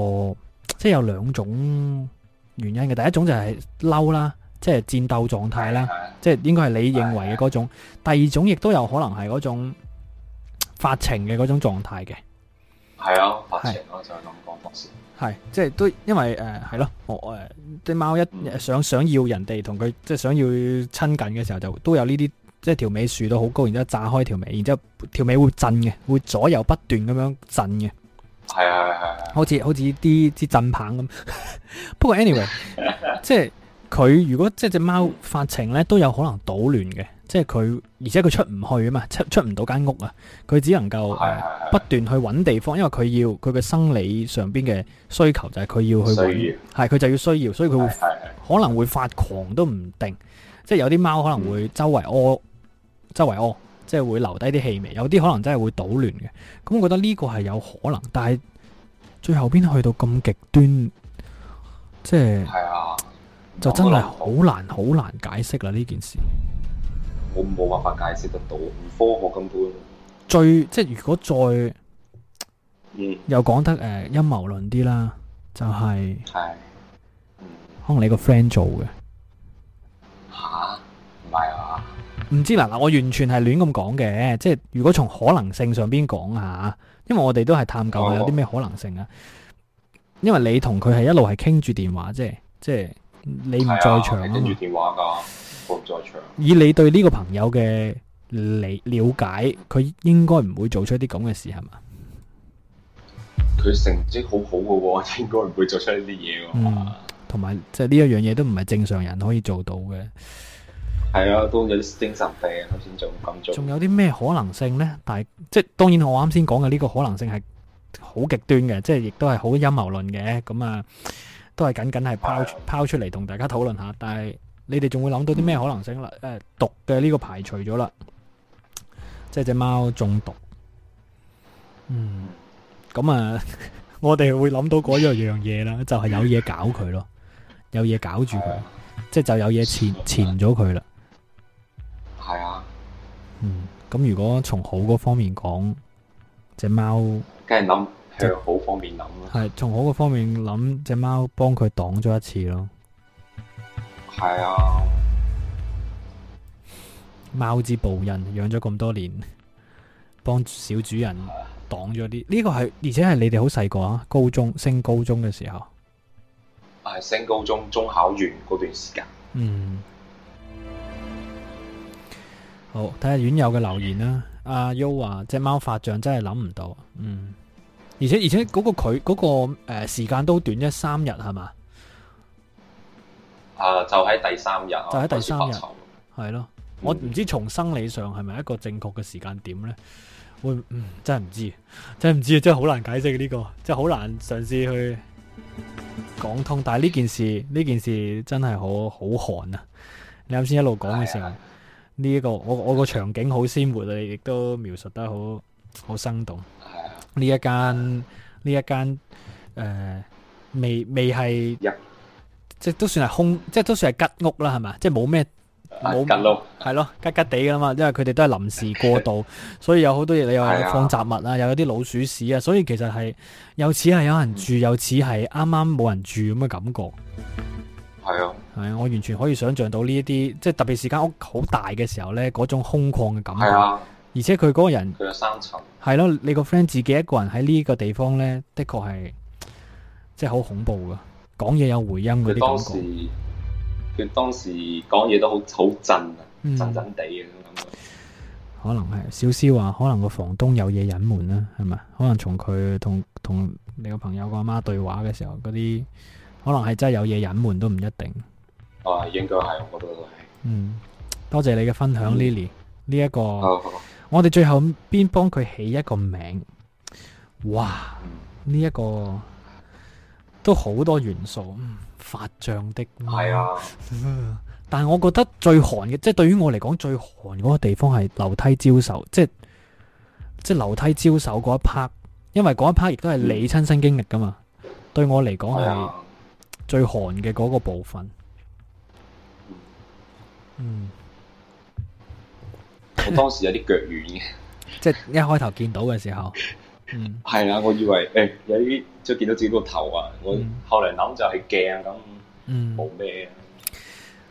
的即係有兩種原因嘅。第一種就係嬲啦，即係戰鬥狀態啦，的即係應該係你認為嘅嗰種。的第二種亦都有可能係嗰種發情嘅嗰種狀態嘅。係啊，發情咯，就係咁講法先。係，即係都因為誒係咯，我誒隻貓一想想要人哋同佢即係想要親近嘅時候，就都有呢啲。即係條尾豎到好高，然之後炸開條尾，然之後條尾會震嘅，會左右不斷咁樣震嘅。係啊，係係，好似好似啲啲震棒咁。 不過 anyway， 即係佢如果即係隻貓發情咧，都有可能搗亂嘅。即係佢而且佢出唔去啊嘛，出出唔到間屋啊，佢只能夠的、啊、不斷去揾地方，因為佢要佢嘅生理上邊嘅需求就係佢要去，係佢飲就要需要，所以佢會可能會發狂都唔定。即係有啲貓可能會周圍屙。周圍哦、啊，即係會留低啲氣味，有啲可能真係會搗亂嘅。咁我覺得呢個係有可能，但係最後邊去到咁極端，即係，啊、就真係好難好難解釋啦呢件事。我冇辦法解釋得到，唔科學根本。最即係如果再，嗯、又講得誒陰謀論啲啦，就係、是，係，嗯、可能你個 friend 做嘅，吓唔係啊？唔知啦，嗱，我完全係亂咁講嘅，即係如果從可能性上邊講下，因為我哋都係探究係、哦、有啲咩可能性啊。因為你同佢係一路係傾住電話，即係即係你唔在場咯。啊、跟住電話噶，我唔在場。以你對呢個朋友嘅理了解，佢應該唔會做出啲咁嘅事，係嘛？佢成績好好、啊、嘅，應該唔會做出呢啲嘢。嗯，同埋即係呢一樣嘢都唔係正常人可以做到嘅。係啊，都、嗯、有啲精神病，頭先就咁仲有啲咩可能性呢？但係即係當然，我啱先講嘅呢個可能性係好極端嘅，即係亦都係好陰謀論嘅。咁啊，都係僅僅係拋拋出嚟同大家討論下。但係你哋仲會諗到啲咩可能性咧？誒、嗯，毒嘅呢個排除咗啦，即係隻貓中毒。嗯，咁啊，我哋會諗到嗰一樣嘢啦， 就係有嘢搞佢咯，有嘢搞住佢，啊、即係就有嘢纏纏咗佢啦。啊係啊，嗯，咁如果從好嗰方面講，隻貓梗係諗向好方面諗咯。係從好個方面諗，隻貓幫佢擋咗一次咯。係啊，貓之報恩，養咗咁多年，幫小主人擋咗啲。呢、啊、個係，而且係你哋好細個啊，高中升高中嘅時候，係升高中中考完嗰段時間。嗯。好睇下院友嘅留言啦。阿優話：隻貓、啊啊、發脹真係諗唔到。嗯，而且而且嗰個佢嗰、嗰個誒時間都短咗三日係嘛？啊，就喺第三日，就喺第三日，係咯。嗯、我唔知從生理上係咪一個正確嘅時間點呢？我會嗯真係唔知，真係唔知，真係好難解釋呢、呢個，真係好難嘗試去講通。但係呢件事呢件事真係好好寒啊！你啱先一路講嘅時候。呢一、這個我我個場景好鮮活啊，亦都描述得好好生動。呢一間呢一間誒、呃，未未係 Yeah. 即都算係空，即都算係吉屋啦，係咪？即冇咩冇係咯，吉吉地㗎嘛，因為佢哋都係臨時過渡， 所以有好多嘢，你又放雜物啊，又 有啲老鼠屎啊，所以其實係又似係有人住，又似係啱啱冇人住咁嘅感覺。係啊，係啊，我完全可以想象到呢一啲，即係特別是間屋好大嘅時候呢，嗰種空曠嘅感覺。的而且佢嗰個人，佢有三層。係咯，你個 friend 自己一個人喺呢個地方呢，的確係，即係好恐怖噶，講嘢有回音嗰啲感覺。佢當時，佢當時講嘢都好好震啊，嗯、震震地嘅感覺。可能係小詩話，可能個房東有嘢隱瞞啦，係咪？可能從佢同同你個朋友個阿媽對話嘅時候嗰啲。可能係真係有嘢隱瞞都唔一定。哦、啊，應該係，我覺得係。嗯，多謝你嘅分享、嗯、，Lily。呢一個，哦、我哋最後邊幫佢起一個名。哇，呢、這、一個都好多元素，法、嗯、杖的。係啊、哎呀。 但係我覺得最寒嘅，即係對於我嚟講最寒嗰個地方係樓梯招手，即係即樓梯招手嗰一 part。因為嗰一 part 亦都係你親身經歷噶嘛。嗯、對我嚟講係。哎最寒嘅嗰個部分，嗯、嗯，我當時有啲腳軟嘅，即係一開頭見到嘅時候，嗯，係啦，我以為誒有啲即係見到自己個頭啊，我後嚟諗就係驚咁，嗯，冇咩嘅。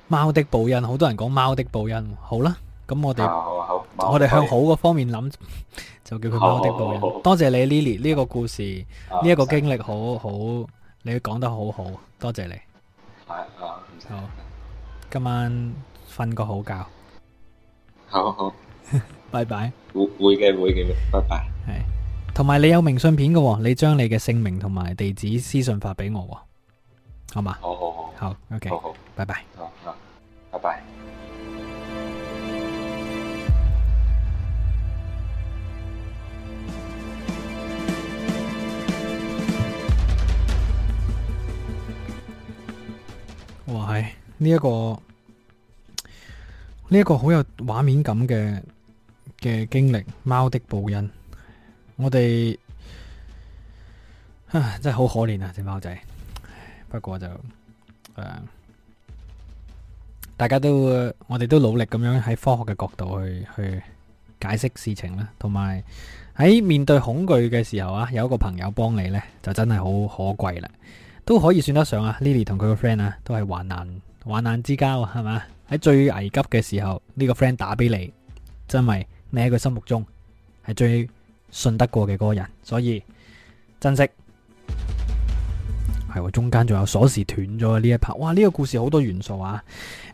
貓的報恩，好多人講貓的報恩，好啦，咁我哋，我哋向好個方面諗，就叫佢貓的報恩。多謝你 Lily 呢一個故事，呢一個經歷，好好，你講得好好。多謝你，係啊，哦、好，今晚瞓個好覺，好好，拜拜，會嘅會嘅，拜拜，係，同埋你有明信片嘅，你將你嘅姓名同埋地址私信發俾我，好嘛？好好好，好，OK，好好，拜拜，好啊，拜拜。哇，係呢一個呢一個好有畫面感嘅嘅經歷，貓的報恩，我哋啊真係好可憐啊隻貓仔，不過就、呃、大家都我哋都努力咁樣喺科學嘅角度去去解釋事情啦，同埋喺面對恐懼嘅時候啊，有一個朋友幫你呢，就真係好可貴啦。都可以算得上啊！Lily 同佢個 friend 啊，都係患難患難之交，係嘛？喺最危急嘅時候，呢個 friend 打俾你，真係你喺佢心目中係最信得過嘅嗰個人，所以珍惜。係，中間仲有鎖匙斷咗呢一 part。哇，呢個故事好多元素啊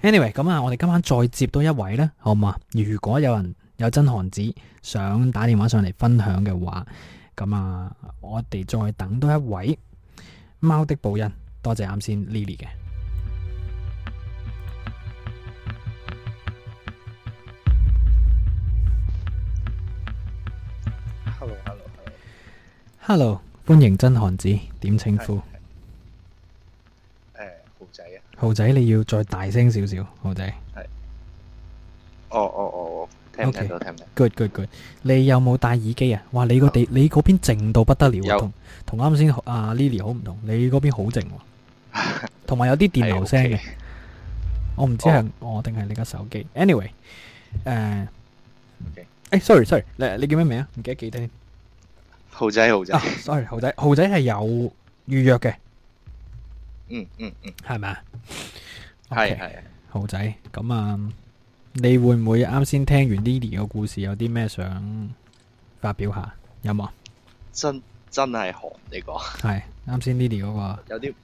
！Anyway，咁啊，我哋今晚再接多一位咧，好嘛？如果有人有真寒子想打電話上嚟分享嘅話，咁啊，我哋再等多一位。貓的報恩，多謝啱先 Lily 嘅。Hello，Hello，Hello，歡迎真寒子，點稱呼？誒，豪仔啊！豪仔，你要再大聲少少，豪仔。係。哦哦哦。O.K.，good，good，good，你有冇戴耳機啊？哇，你個地，oh. 你嗰邊靜到不得了，啊，同同啱先阿 Lily 好唔同，你嗰邊好靜，同埋有啲電流聲嘅， okay 我唔知係我定係、oh. 你架手機。Anyway，誒、呃，誒 Okay.、欸，sorry，sorry，你你叫咩名啊？唔記得記得。豪仔，豪仔，sorry，豪仔，豪、oh, 豪仔係有預約嘅、 嗯，嗯嗯嗯，係咪啊？係係豪仔，咁啊。你會唔會啱先聽完 Lily 個故事有啲咩想發表下？有冇？真真係寒呢個？係啱先 Lily 嗰個有啲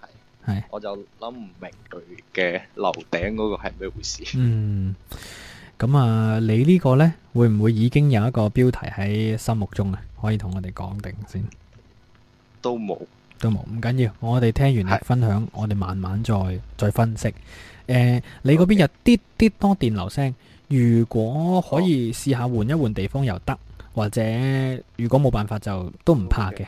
係係，是我就諗唔明佢嘅樓頂嗰個係咩回事？嗯，咁啊，你呢個呢，會唔會已經有一個標題喺心目中啊？可以同我哋講定先？都冇，都冇，唔緊要。我哋聽完你分享，是我哋慢慢再再分析。誒、呃，你嗰邊有啲啲多電流聲，如果可以試下換一換地方又得，或者如果冇辦法就都唔怕嘅，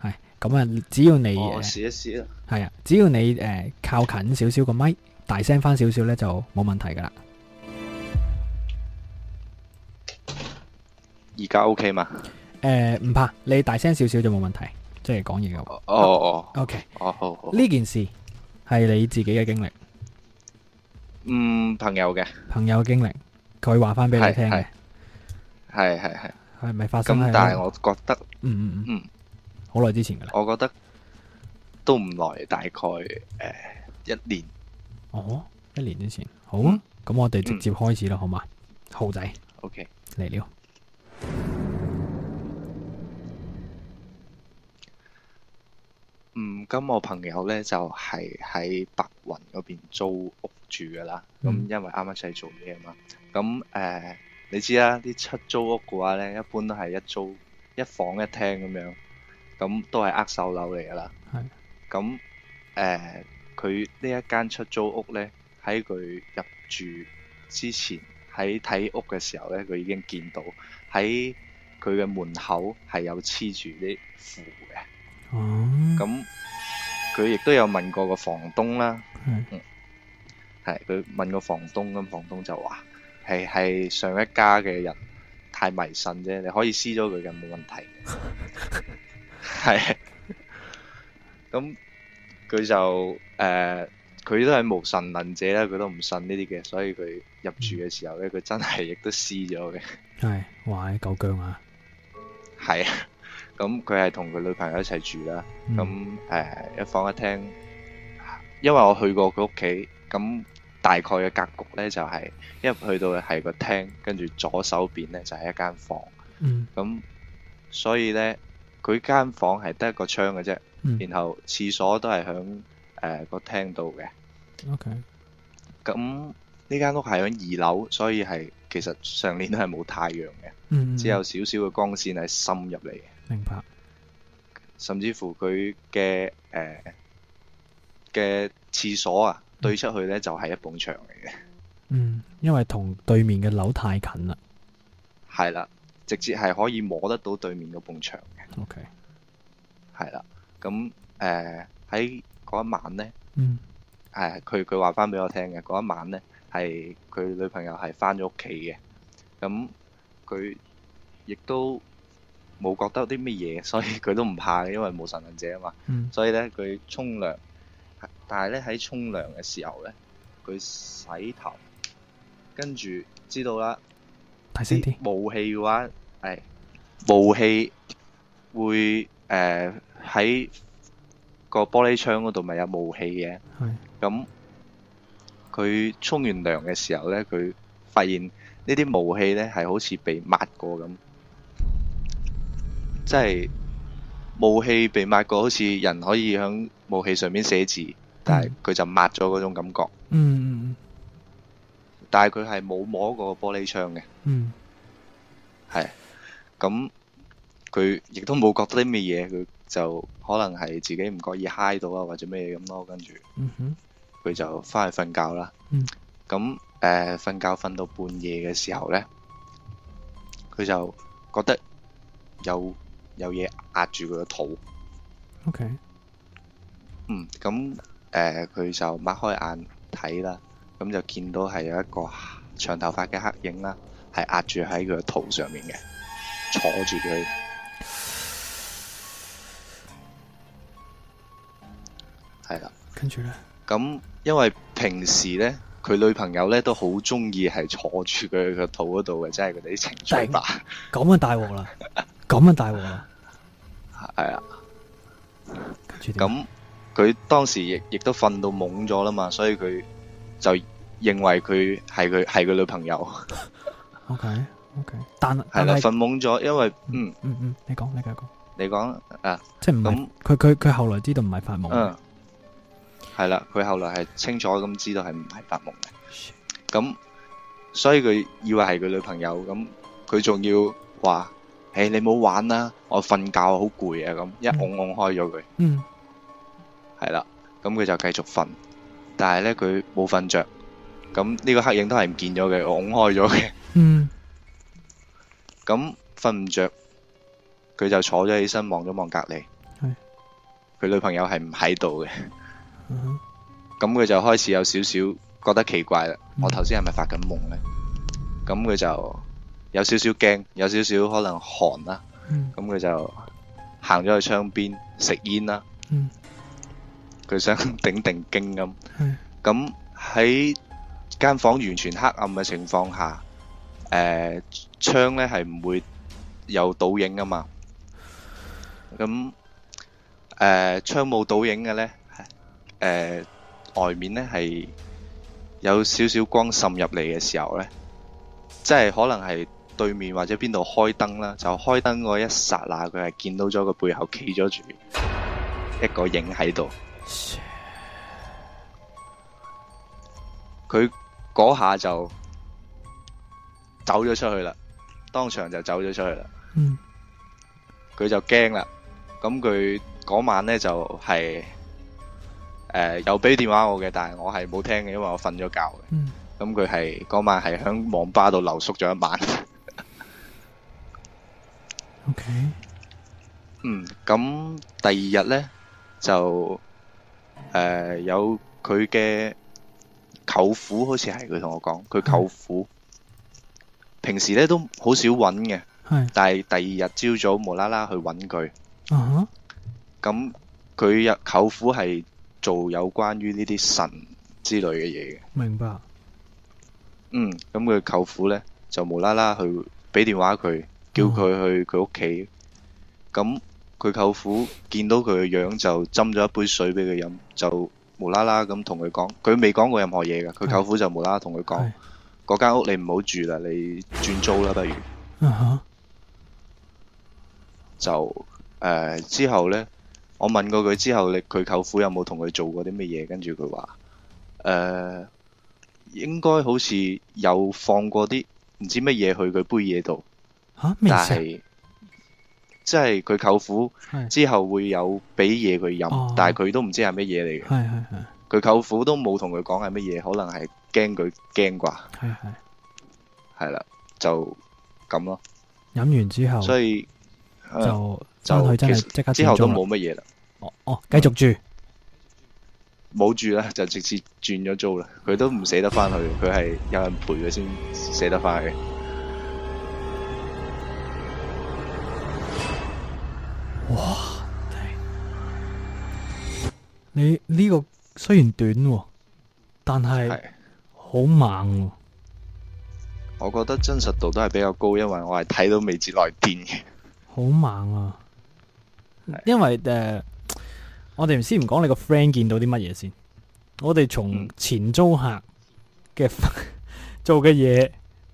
係咁啊！只要你、oh，試一試，係啊、嗯！只要你誒、呃、靠近少少個咪，大聲翻少少咧就冇問題噶啦。而家 OK 嘛？誒、呃，唔怕，你大聲少少就冇問題，即係講嘢嘅話哦哦，OK，哦好。呢件事係你自己嘅經歷。嗯，朋友嘅朋友經歷，佢話翻俾你聽嘅，係係係係咪發生但係我覺得，嗯嗯嗯，好、嗯、耐、嗯嗯、之前噶啦，我覺得都唔耐，大概誒、呃、一年，哦，一年之前，好咁、啊，嗯、我哋直接開始啦，嗯、好嘛，豪仔，OK 嚟了。嗯，咁我朋友咧就係、是、喺白雲嗰邊租屋。住噶啦，咁、嗯、因為啱啱一齊做嘢啊嘛，咁誒、呃、你知啦，啲出租屋嘅話咧，一般都係一租一房一廳咁樣，咁都係握手樓嚟噶啦。咁誒是，佢呢、呃、一間出租屋咧，喺佢入住之前，喺睇屋嘅時候咧，佢已經見到喺佢嘅門口係有黐住啲符嘅。咁佢亦都有問過個房東啦。是嗯係佢問個房東，咁房東就話：係係上一家嘅人太迷信啫，你可以撕咗佢嘅，冇問題。係咁，佢就誒佢都係無神論者啦，佢都唔信呢啲嘅，所以佢入住嘅時候咧，佢真係亦都撕咗嘅。係哇！夠薑啊，係啊。咁佢係同佢女朋友一齊住啦。咁誒一房一廳，因為我去過佢屋企咁。大概嘅格局呢就係，一去到係個廳，跟住左手邊呢就係一間房，咁所以呢佢間房係得一個窗嘅啫，然後廁所都係響誒個廳度嘅。OK，咁呢間屋係響二樓，所以係其實上年都係冇太陽嘅，只有少少嘅光線係滲入嚟嘅。明白。甚至乎佢嘅誒嘅廁所啊～對出去咧就係、是、一埲牆嚟嘅，嗯，因為同對面嘅樓太近啦，係啦， 直接係可以摸得到對面嗰埲牆嘅，OK，係啦，咁誒喺嗰一晚咧，嗯，誒佢佢話翻俾我聽嘅嗰一晚咧係佢女朋友係翻咗屋企嘅，咁佢亦都冇覺得有啲乜嘢，所以佢都唔怕嘅，因為冇神論者啊嘛，嗯，所以咧佢沖涼。但係咧，喺沖涼嘅時候咧，佢洗頭，跟住知道啦。大聲啲。霧氣嘅話，係霧氣會誒喺個玻璃窗嗰度，咪有霧氣嘅。係。咁佢沖完涼嘅時候咧，佢發現呢啲霧氣咧，係好似被抹過咁，即係霧氣被抹過，好似人可以響。武器上面寫字，但係佢就抹咗嗰種感覺。嗯，但係佢係冇摸過玻璃窗嘅。嗯，係。咁佢亦都冇覺得啲咩嘢，佢就可能係自己唔覺意嗨到啊，或者咩嘢咁咯。跟住，嗯哼，佢就翻去瞓覺啦。嗯，咁誒，瞓覺瞓到半夜嘅時候咧，佢就覺得有有嘢壓住佢個肚。O K。嗯，咁誒，佢、呃、就擘開眼睇啦，咁就見到係有一個長頭髮嘅黑影啦，係壓住喺佢個肚上面嘅，坐住佢，係啦，跟住咧，咁因為平時咧，佢女朋友咧都好中意係坐住佢個肚嗰度嘅，即係佢哋啲情趣，咁啊大鑊啦，咁啊大鑊啦，係啊 了，咁。佢當時亦亦都瞓到懵咗啦嘛，所以佢就認為佢係佢係佢女朋友。O K O K，但係啦，瞓懵咗，因為嗯嗯嗯，嗯嗯你講你講你講，啊，即係唔係？佢佢佢後來知道唔係發夢。嗯，係啦，佢後來係清楚咁知道係唔係發夢嘅。咁、嗯、所以佢以為係佢女朋友，咁佢仲要話：誒、欸，你冇玩啦，我瞓覺好攰啊！咁一懵懵開咗佢。嗯。係啦，咁佢就繼續瞓，但係呢，佢冇瞓着，咁呢個黑影都係唔見咗嘅，我拱開咗嘅。嗯。咁瞓唔着，佢就坐咗起身，望咗望隔籬，佢女朋友係唔喺度嘅。嗯。咁佢就開始有少少覺得奇怪啦，我頭先係咪發緊夢呢？咁佢就有少少驚，有少少可能寒啦。嗯。咁佢就行咗去窗邊食煙啦。嗯。佢想頂定驚咁，咁喺間房完全黑暗嘅情況下，誒窗咧係唔會有倒影噶嘛。咁誒窗冇倒影嘅咧，誒外面咧係有少少光滲入嚟嘅時候咧，即係可能係對面或者邊度開燈啦，就開燈嗰一剎那，佢係見到咗個背後企咗住一個影喺度。佢嗰下就走咗出去啦，當場就走咗出去啦。嗯，佢就驚啦，咁佢嗰晚呢就係誒又俾電話我嘅，但係我係冇聽嘅，因為我瞓咗覺。嗯，咁佢係嗰晚係喺網吧度留宿咗一晚。OK，嗯，咁第二日呢就。誒、呃，有佢嘅舅父，好似係佢同我講，佢舅父平時咧都好少揾嘅。係，但係第二日朝早無啦啦去揾佢，咁佢、uh huh. 舅父係做有關於呢啲神之類嘅嘢嘅。明白，嗯，咁佢舅父咧就無啦啦去俾電話佢，叫佢去佢屋企，咁、哦。佢舅父見到佢嘅樣就斟咗一杯水俾佢飲，就無啦啦咁同佢講，佢未講過任何嘢嘅，佢舅父就無啦啦同佢講，嗰間屋你唔好住啦，你轉租啦不如。Uh huh. 就誒、呃、之後呢，我問過佢之後，你佢舅父有冇同佢做過啲咩嘢？跟住佢話誒應該好似有放過啲唔知乜嘢去佢杯嘢度。Uh huh. 但係即係佢舅父之後會有俾嘢佢飲，係，但係佢都唔知係乜嘢嚟嘅。係係佢舅父都冇同佢講係乜嘢，可能係驚佢驚啩。係係係啦，就咁咯。飲完之後，所以、啊、就翻之後都冇乜嘢啦。哦哦，繼續住冇住啦，就直接轉咗租啦。佢都唔捨得翻去，佢係有人陪佢先捨得翻去。哇！你呢個雖然短、哦，但係好猛、哦。我覺得真實度都係比較高，因為我係睇到未接來電嘅。好猛啊！ 因為誒、呃，我哋唔先唔講你個 friend 見到啲乜嘢先。我哋從前租客嘅、嗯、 做嘅嘢，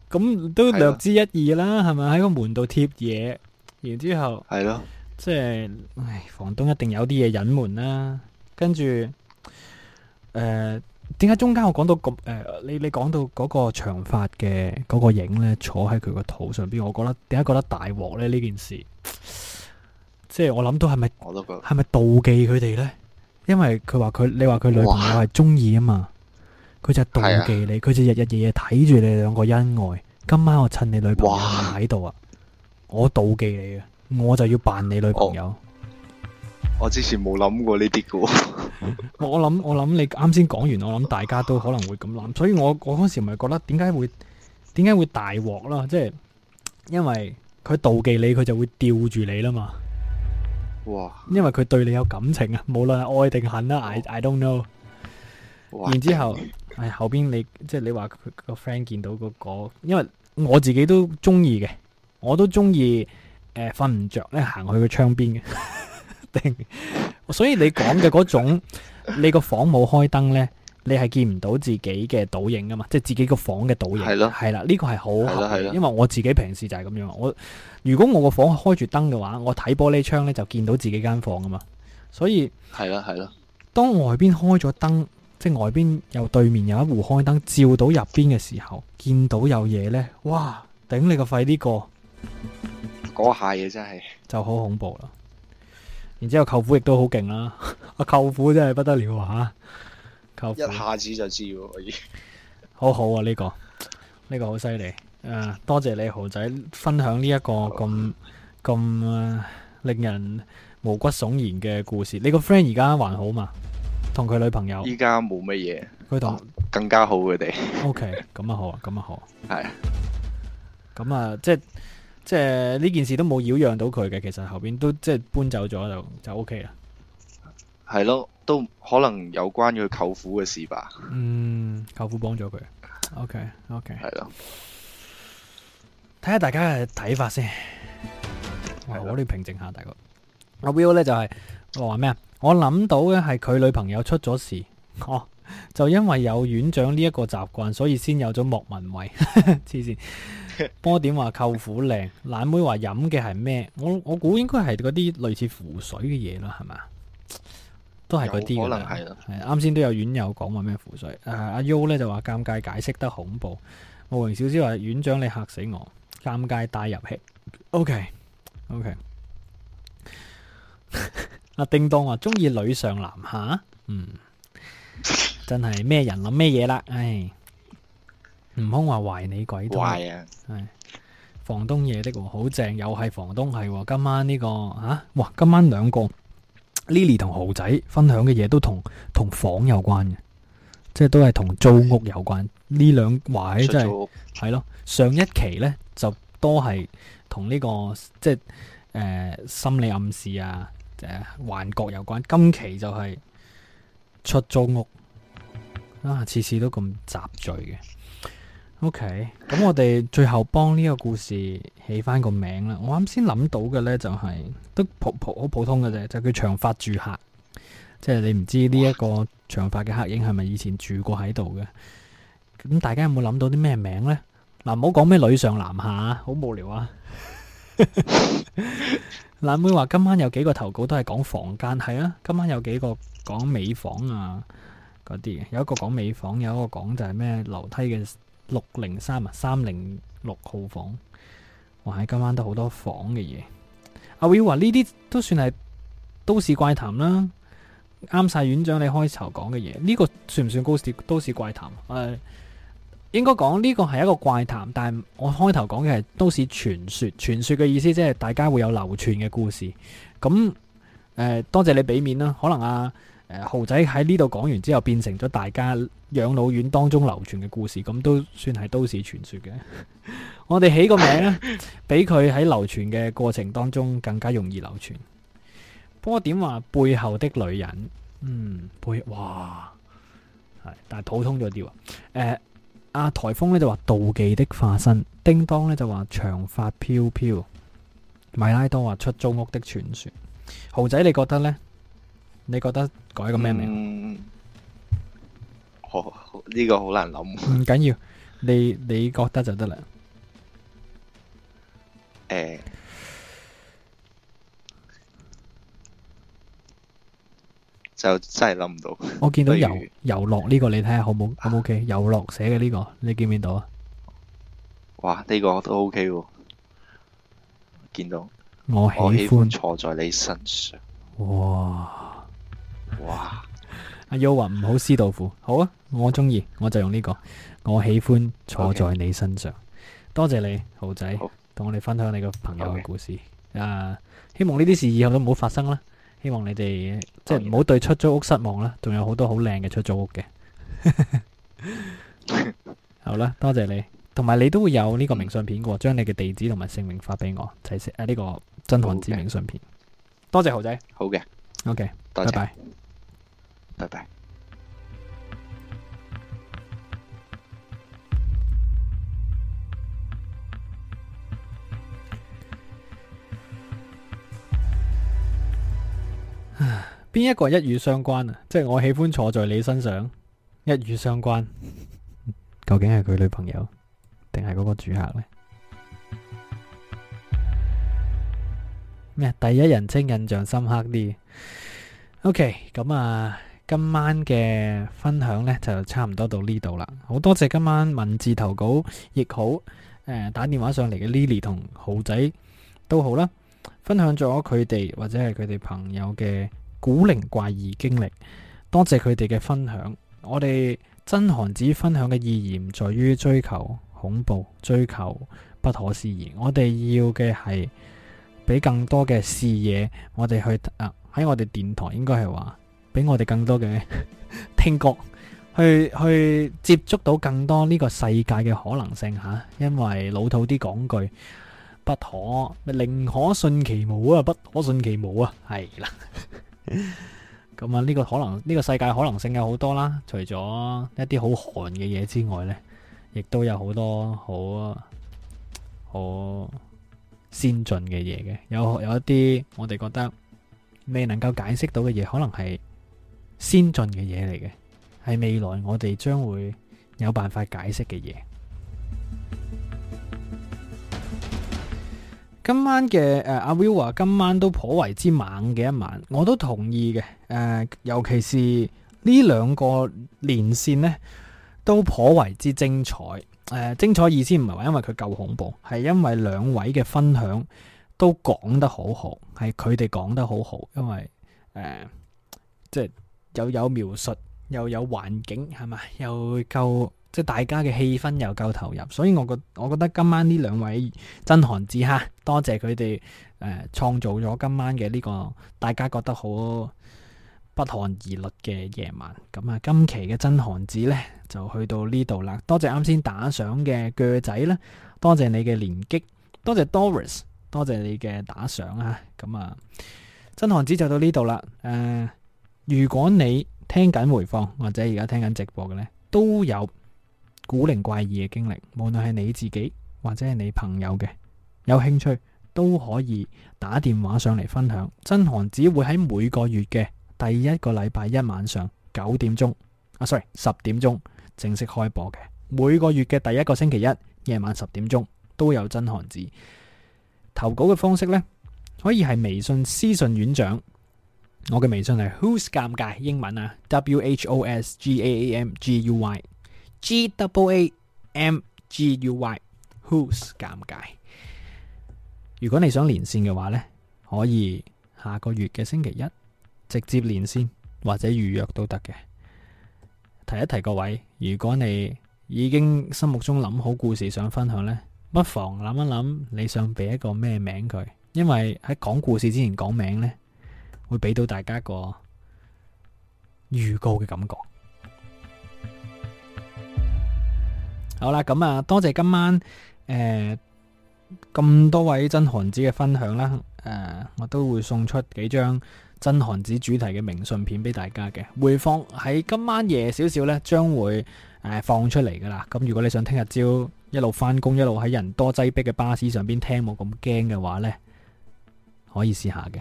咁都略知一二啦，係咪了？喺個門度貼嘢，然後之後係咯。即係，唉，房東一定有啲嘢隱瞞啦。跟住，誒、呃，點解中間我講到咁？誒、呃，你你講到嗰個長髮嘅嗰個影呢，坐喺佢個肚上邊，我覺得點解覺得大鑊呢？呢件事，即係我諗到係咪？我都覺係咪妒忌佢哋呢？因為佢話佢，你話佢女朋友係中意啊嘛，佢哇就係妒忌你，佢、啊、就日日夜夜睇住你兩個恩愛。今晚我趁你女朋友唔喺度啊，哇我妒忌你啊。我就要扮你女朋友。哦、我之前冇諗過呢啲嘅。我諗我諗，你啱先講完，我諗大家都可能會咁諗。所以我我嗰時咪覺得點解會點解會大鑊囉？即係因為佢妒忌你，佢就會吊住你啦嘛。哇！因為佢對你有感情啊，無論係愛定恨啦，I, I don't know。哇然之後，唉、 哎，後邊你即係你話個 friend 見到嗰個，因為我自己都中意嘅，我都中意。瞓唔、呃、着，咧，行去個窗邊嘅，所以你講嘅嗰種， 你個房冇開燈呢，你係見唔到自己嘅倒影噶嘛，即係自己個房嘅倒影。係咯了，係啦，呢、這個係好，因為我自己平時就係咁樣。我如果我個房開住燈嘅話，我睇玻璃窗呢，就見到自己間房噶嘛。所以係啦係啦，當外邊開咗燈，即係外邊又對面有一戶開燈照到入邊嘅時候，見到有嘢呢，哇，頂你個肺呢、這個！嗰下嘢真係就好恐怖啦！然之後舅父亦都好勁啦，阿舅父真係不得了啊吓！舅，舅 一下子就知可以，好好啊呢、這個呢、這個好犀利誒！多謝你豪仔分享呢一個咁咁好、啊、令人毛骨悚然嘅故事。你個 friend 而家還好嘛？同佢女朋友依家冇乜嘢，佢同懂、啊、更加好佢哋。OK，咁啊好啊，咁 是啊好係，咁啊即係。即即係呢件事都冇擾攘到佢嘅，其實後邊都即係搬走咗就就 OK 啦。係咯，都可能有關佢舅父嘅事吧。嗯，舅父幫咗佢。OK，OK，係咯。睇下大家嘅睇法先。我哋平靜下，大哥。阿的 Will 咧，就係我話咩啊？我諗到嘅係佢女朋友出咗事。 哦，就因為有院長呢一個習慣，所以先有咗莫文蔚。黐 線。波點話舅父靚，懶妹話飲嘅係咩？我我估應該係嗰啲類似符水嘅嘢啦，係咪？都係嗰啲。可能係係啱先都有院友講話咩符水。阿阿 U 咧就話尷尬解釋得恐怖。慕容小姐話院長你嚇死我，尷尬帶入戲。OK OK、 啊。阿叮當話中意女上男下，啊，嗯， 真係咩人諗咩嘢啦，唉。悟空話壞你鬼都壞啊！係 Why? 房東爺的，好正，又係房東係、哦。今晚呢、這個吓、啊，哇！今晚兩個 Lily 同豪仔分享嘅嘢都同同房有關嘅，即係都係同租屋有關。呢兩位真係係咯。上一期呢，就多係同呢個即係誒、呃、心理暗示啊誒、啊、幻覺有關，今期就係出租屋啊，次次都咁雜聚嘅。OK，咁我哋最後幫呢個故事起翻個名啦。我啱先諗到嘅呢、就是，就係都普普好普通嘅啫，就叫長髮住客。即係你唔知呢一個長髮嘅黑影係咪以前住過喺度嘅？咁大家有冇諗到啲咩名呢？嗱、啊，唔好講咩女上男下、啊，好無聊啊！懶、 啊、妹話今晚有幾個投稿都係講房間，係啊，今晚有幾個講美房啊，嗰啲，有一個講美房，有一個講就係咩樓梯嘅。六零三啊，三零六號房，哇！今晚都好多房嘅嘢。阿 Will 話呢啲都算係都市怪談啦，啱晒院長你開頭講嘅嘢。呢、這個算唔算都市都市怪談？誒、呃，應該講呢個係一個怪談，但係我開頭講嘅係都市傳說，傳說嘅意思即係大家會有流傳嘅故事。咁誒、呃，多謝你俾面啦，可能啊。呃、豪仔喺呢度講完之後，變成咗大家養老院當中流傳嘅故事，咁都算係都市傳說嘅。 我哋起個名呢 比佢喺流傳嘅過程當中更加容易流傳。不過點話，背後的女人，嗯，背，哇，但係普通咗啲、呃、啊。阿台風呢就話妒忌的化身，叮當呢就話長髮飄飄，米拉多話出租屋的傳說，豪仔你覺得呢？你覺得改個咩名？哦，呢個好難諗。唔緊要，你你覺得就得啦。誒，就真係諗唔到。我見到遊遊樂呢個，你睇下，好唔好？好唔好？OK，遊樂寫嘅呢個，你見唔見到啊？哇，呢個都 OK 喎。見到。我喜歡坐在你身上。哇！哇！阿 Yo 話唔好撕豆腐，好啊！我中意，我就用呢、這個。我喜歡坐在你身上，Okay. 多謝你，豪仔，同好我哋分享你個朋友嘅故事。Okay. 啊，希望呢啲事以後都唔好發生啦。希望你哋即係唔好對出租屋失望啦。仲有好多好靚嘅出租屋嘅。好啦，多謝你，同埋你都會有呢個明信片嘅，將你嘅地址同埋姓名發俾我，就係誒呢個真寒子明信片。的多謝豪仔，好嘅的，OK，拜拜。拜拜。邊一個一語相關啊？即係我喜歡坐在你身上，一語相關。究竟係佢女朋友，定係嗰個住客呢？咩？第一人稱印象深刻啲。OK，咁啊。今晚嘅分享呢，就差唔多到呢度啦，好多謝今晚文字投稿亦好，誒、呃、打電話上嚟嘅 Lily 同豪仔都好啦，分享咗佢哋或者係佢哋朋友嘅古靈怪異經歷，多謝佢哋嘅分享。我哋真寒子分享嘅意義唔在於追求恐怖，追求不可思議。我哋要嘅係俾更多嘅視野，我哋去誒喺、啊、我哋電台應該係話。俾我哋更多嘅聽覺，去去接觸到更多呢個世界嘅可能性吓，啊，因為老土啲講句，不可寧可信其無啊，不可信其無啊，係啦。咁啊，呢個可能呢，呢個世界可能性有好多啦，除咗一啲好寒嘅嘢之外呢，亦都有好多好好先進嘅嘢嘅，有有一啲我哋覺得未能夠解釋到嘅嘢，可能係。先進嘅嘢嚟嘅，係未來我哋將會有辦法解釋嘅嘢。今晚嘅誒，阿、呃、Will 話今晚都頗為之猛嘅一晚，我都同意嘅。誒、呃，尤其是呢兩個連線呢，都頗為之精彩。誒、呃，精彩意思唔係話因為佢夠恐怖，係因為兩位嘅分享都講得好好，係佢哋講得好好。因為誒、呃，即係。又有描述，又有環境，係嘛，又夠即係大家嘅氣氛又夠投入，所以我覺我覺得今晚呢兩位真寒子哈，多謝佢哋誒創造咗今晚嘅呢、這個大家覺得好不寒而慄嘅夜晚。咁、嗯、啊，今期嘅真寒子呢，就去到呢度啦，多謝啱先打賞嘅腳仔啦，多謝你嘅連擊，多謝 Doris，多謝你嘅打賞啊，咁啊，真寒子就到呢度啦，誒、呃。如果你聽緊回放或者而家聽緊直播嘅呢，都有古靈怪異嘅經歷，無論係你自己或者係你朋友嘅，有興趣都可以打電話上嚟分享。真寒子會喺每個月嘅第一個禮拜一晚上九點鐘，啊 sorry 十點鐘正式開播嘅。每個月嘅第一個星期一夜晚十點鐘都有真寒子。投稿嘅方式呢，可以係微信私信院長。我嘅微信係 Who’s 尷尬英文啊，W H O S G A A M G U Y G W A M G U Y Who’s 尷尬？如果你想連線嘅話呢，可以下個月嘅星期一直接連線或者預約都得嘅。提一提各位，如果你已經心目中諗好故事想分享呢，不妨諗一諗你想俾一個咩名佢，因為喺講故事之前講名呢，會俾到大家個預告嘅感覺。好啦，咁、嗯、啊，多謝今晚誒咁、呃、多位真寒子嘅分享啦。誒、呃，我都會送出幾張真寒子主題嘅明信片俾大家嘅。會放喺今晚夜少少呢，將會誒、呃、放出嚟噶啦。咁、嗯、如果你想聽日朝一路翻工，一路喺人多擠逼嘅巴士上邊聽冇咁驚嘅話呢，可以試下嘅。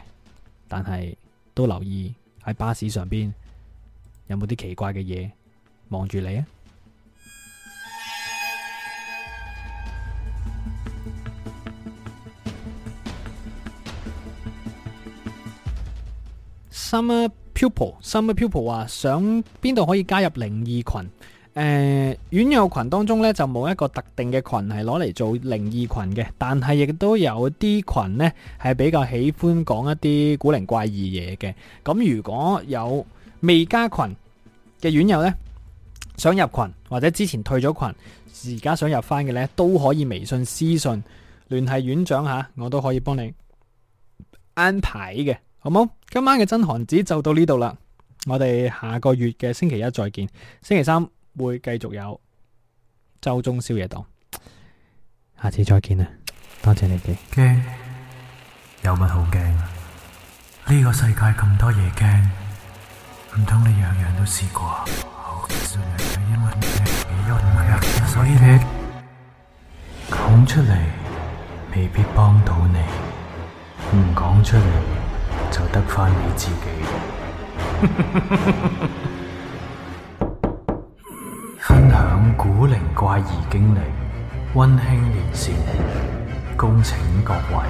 但係都留意喺巴士上邊有冇啲奇怪嘅嘢望住你啊 ！Summer pupil，Summer pupil 話想邊度可以加入靈異群？誒、呃，院友群當中咧就冇一個特定嘅群係攞嚟做靈異群嘅，但係亦都有啲群呢係比較喜歡講一啲古靈怪異嘢嘅。咁如果有未加群嘅院友呢，想入群或者之前退咗群而家想入翻嘅呢，都可以微信私信聯繫院長吓，我都可以幫你安排嘅，好冇？今晚嘅真寒子就到呢度啦，我哋下個月嘅星期一再見，星期三。會繼續有周中宵夜檔，下次再見啦，多謝你哋。驚有乜好驚啊，呢個世界咁多嘢驚，唔通你樣樣都試過啊？因為驚，因為壓力，所以你講出嚟未必幫到你，唔講出嚟就得翻你自己。 分享古靈怪異經歷，溫馨連線，恭請各位。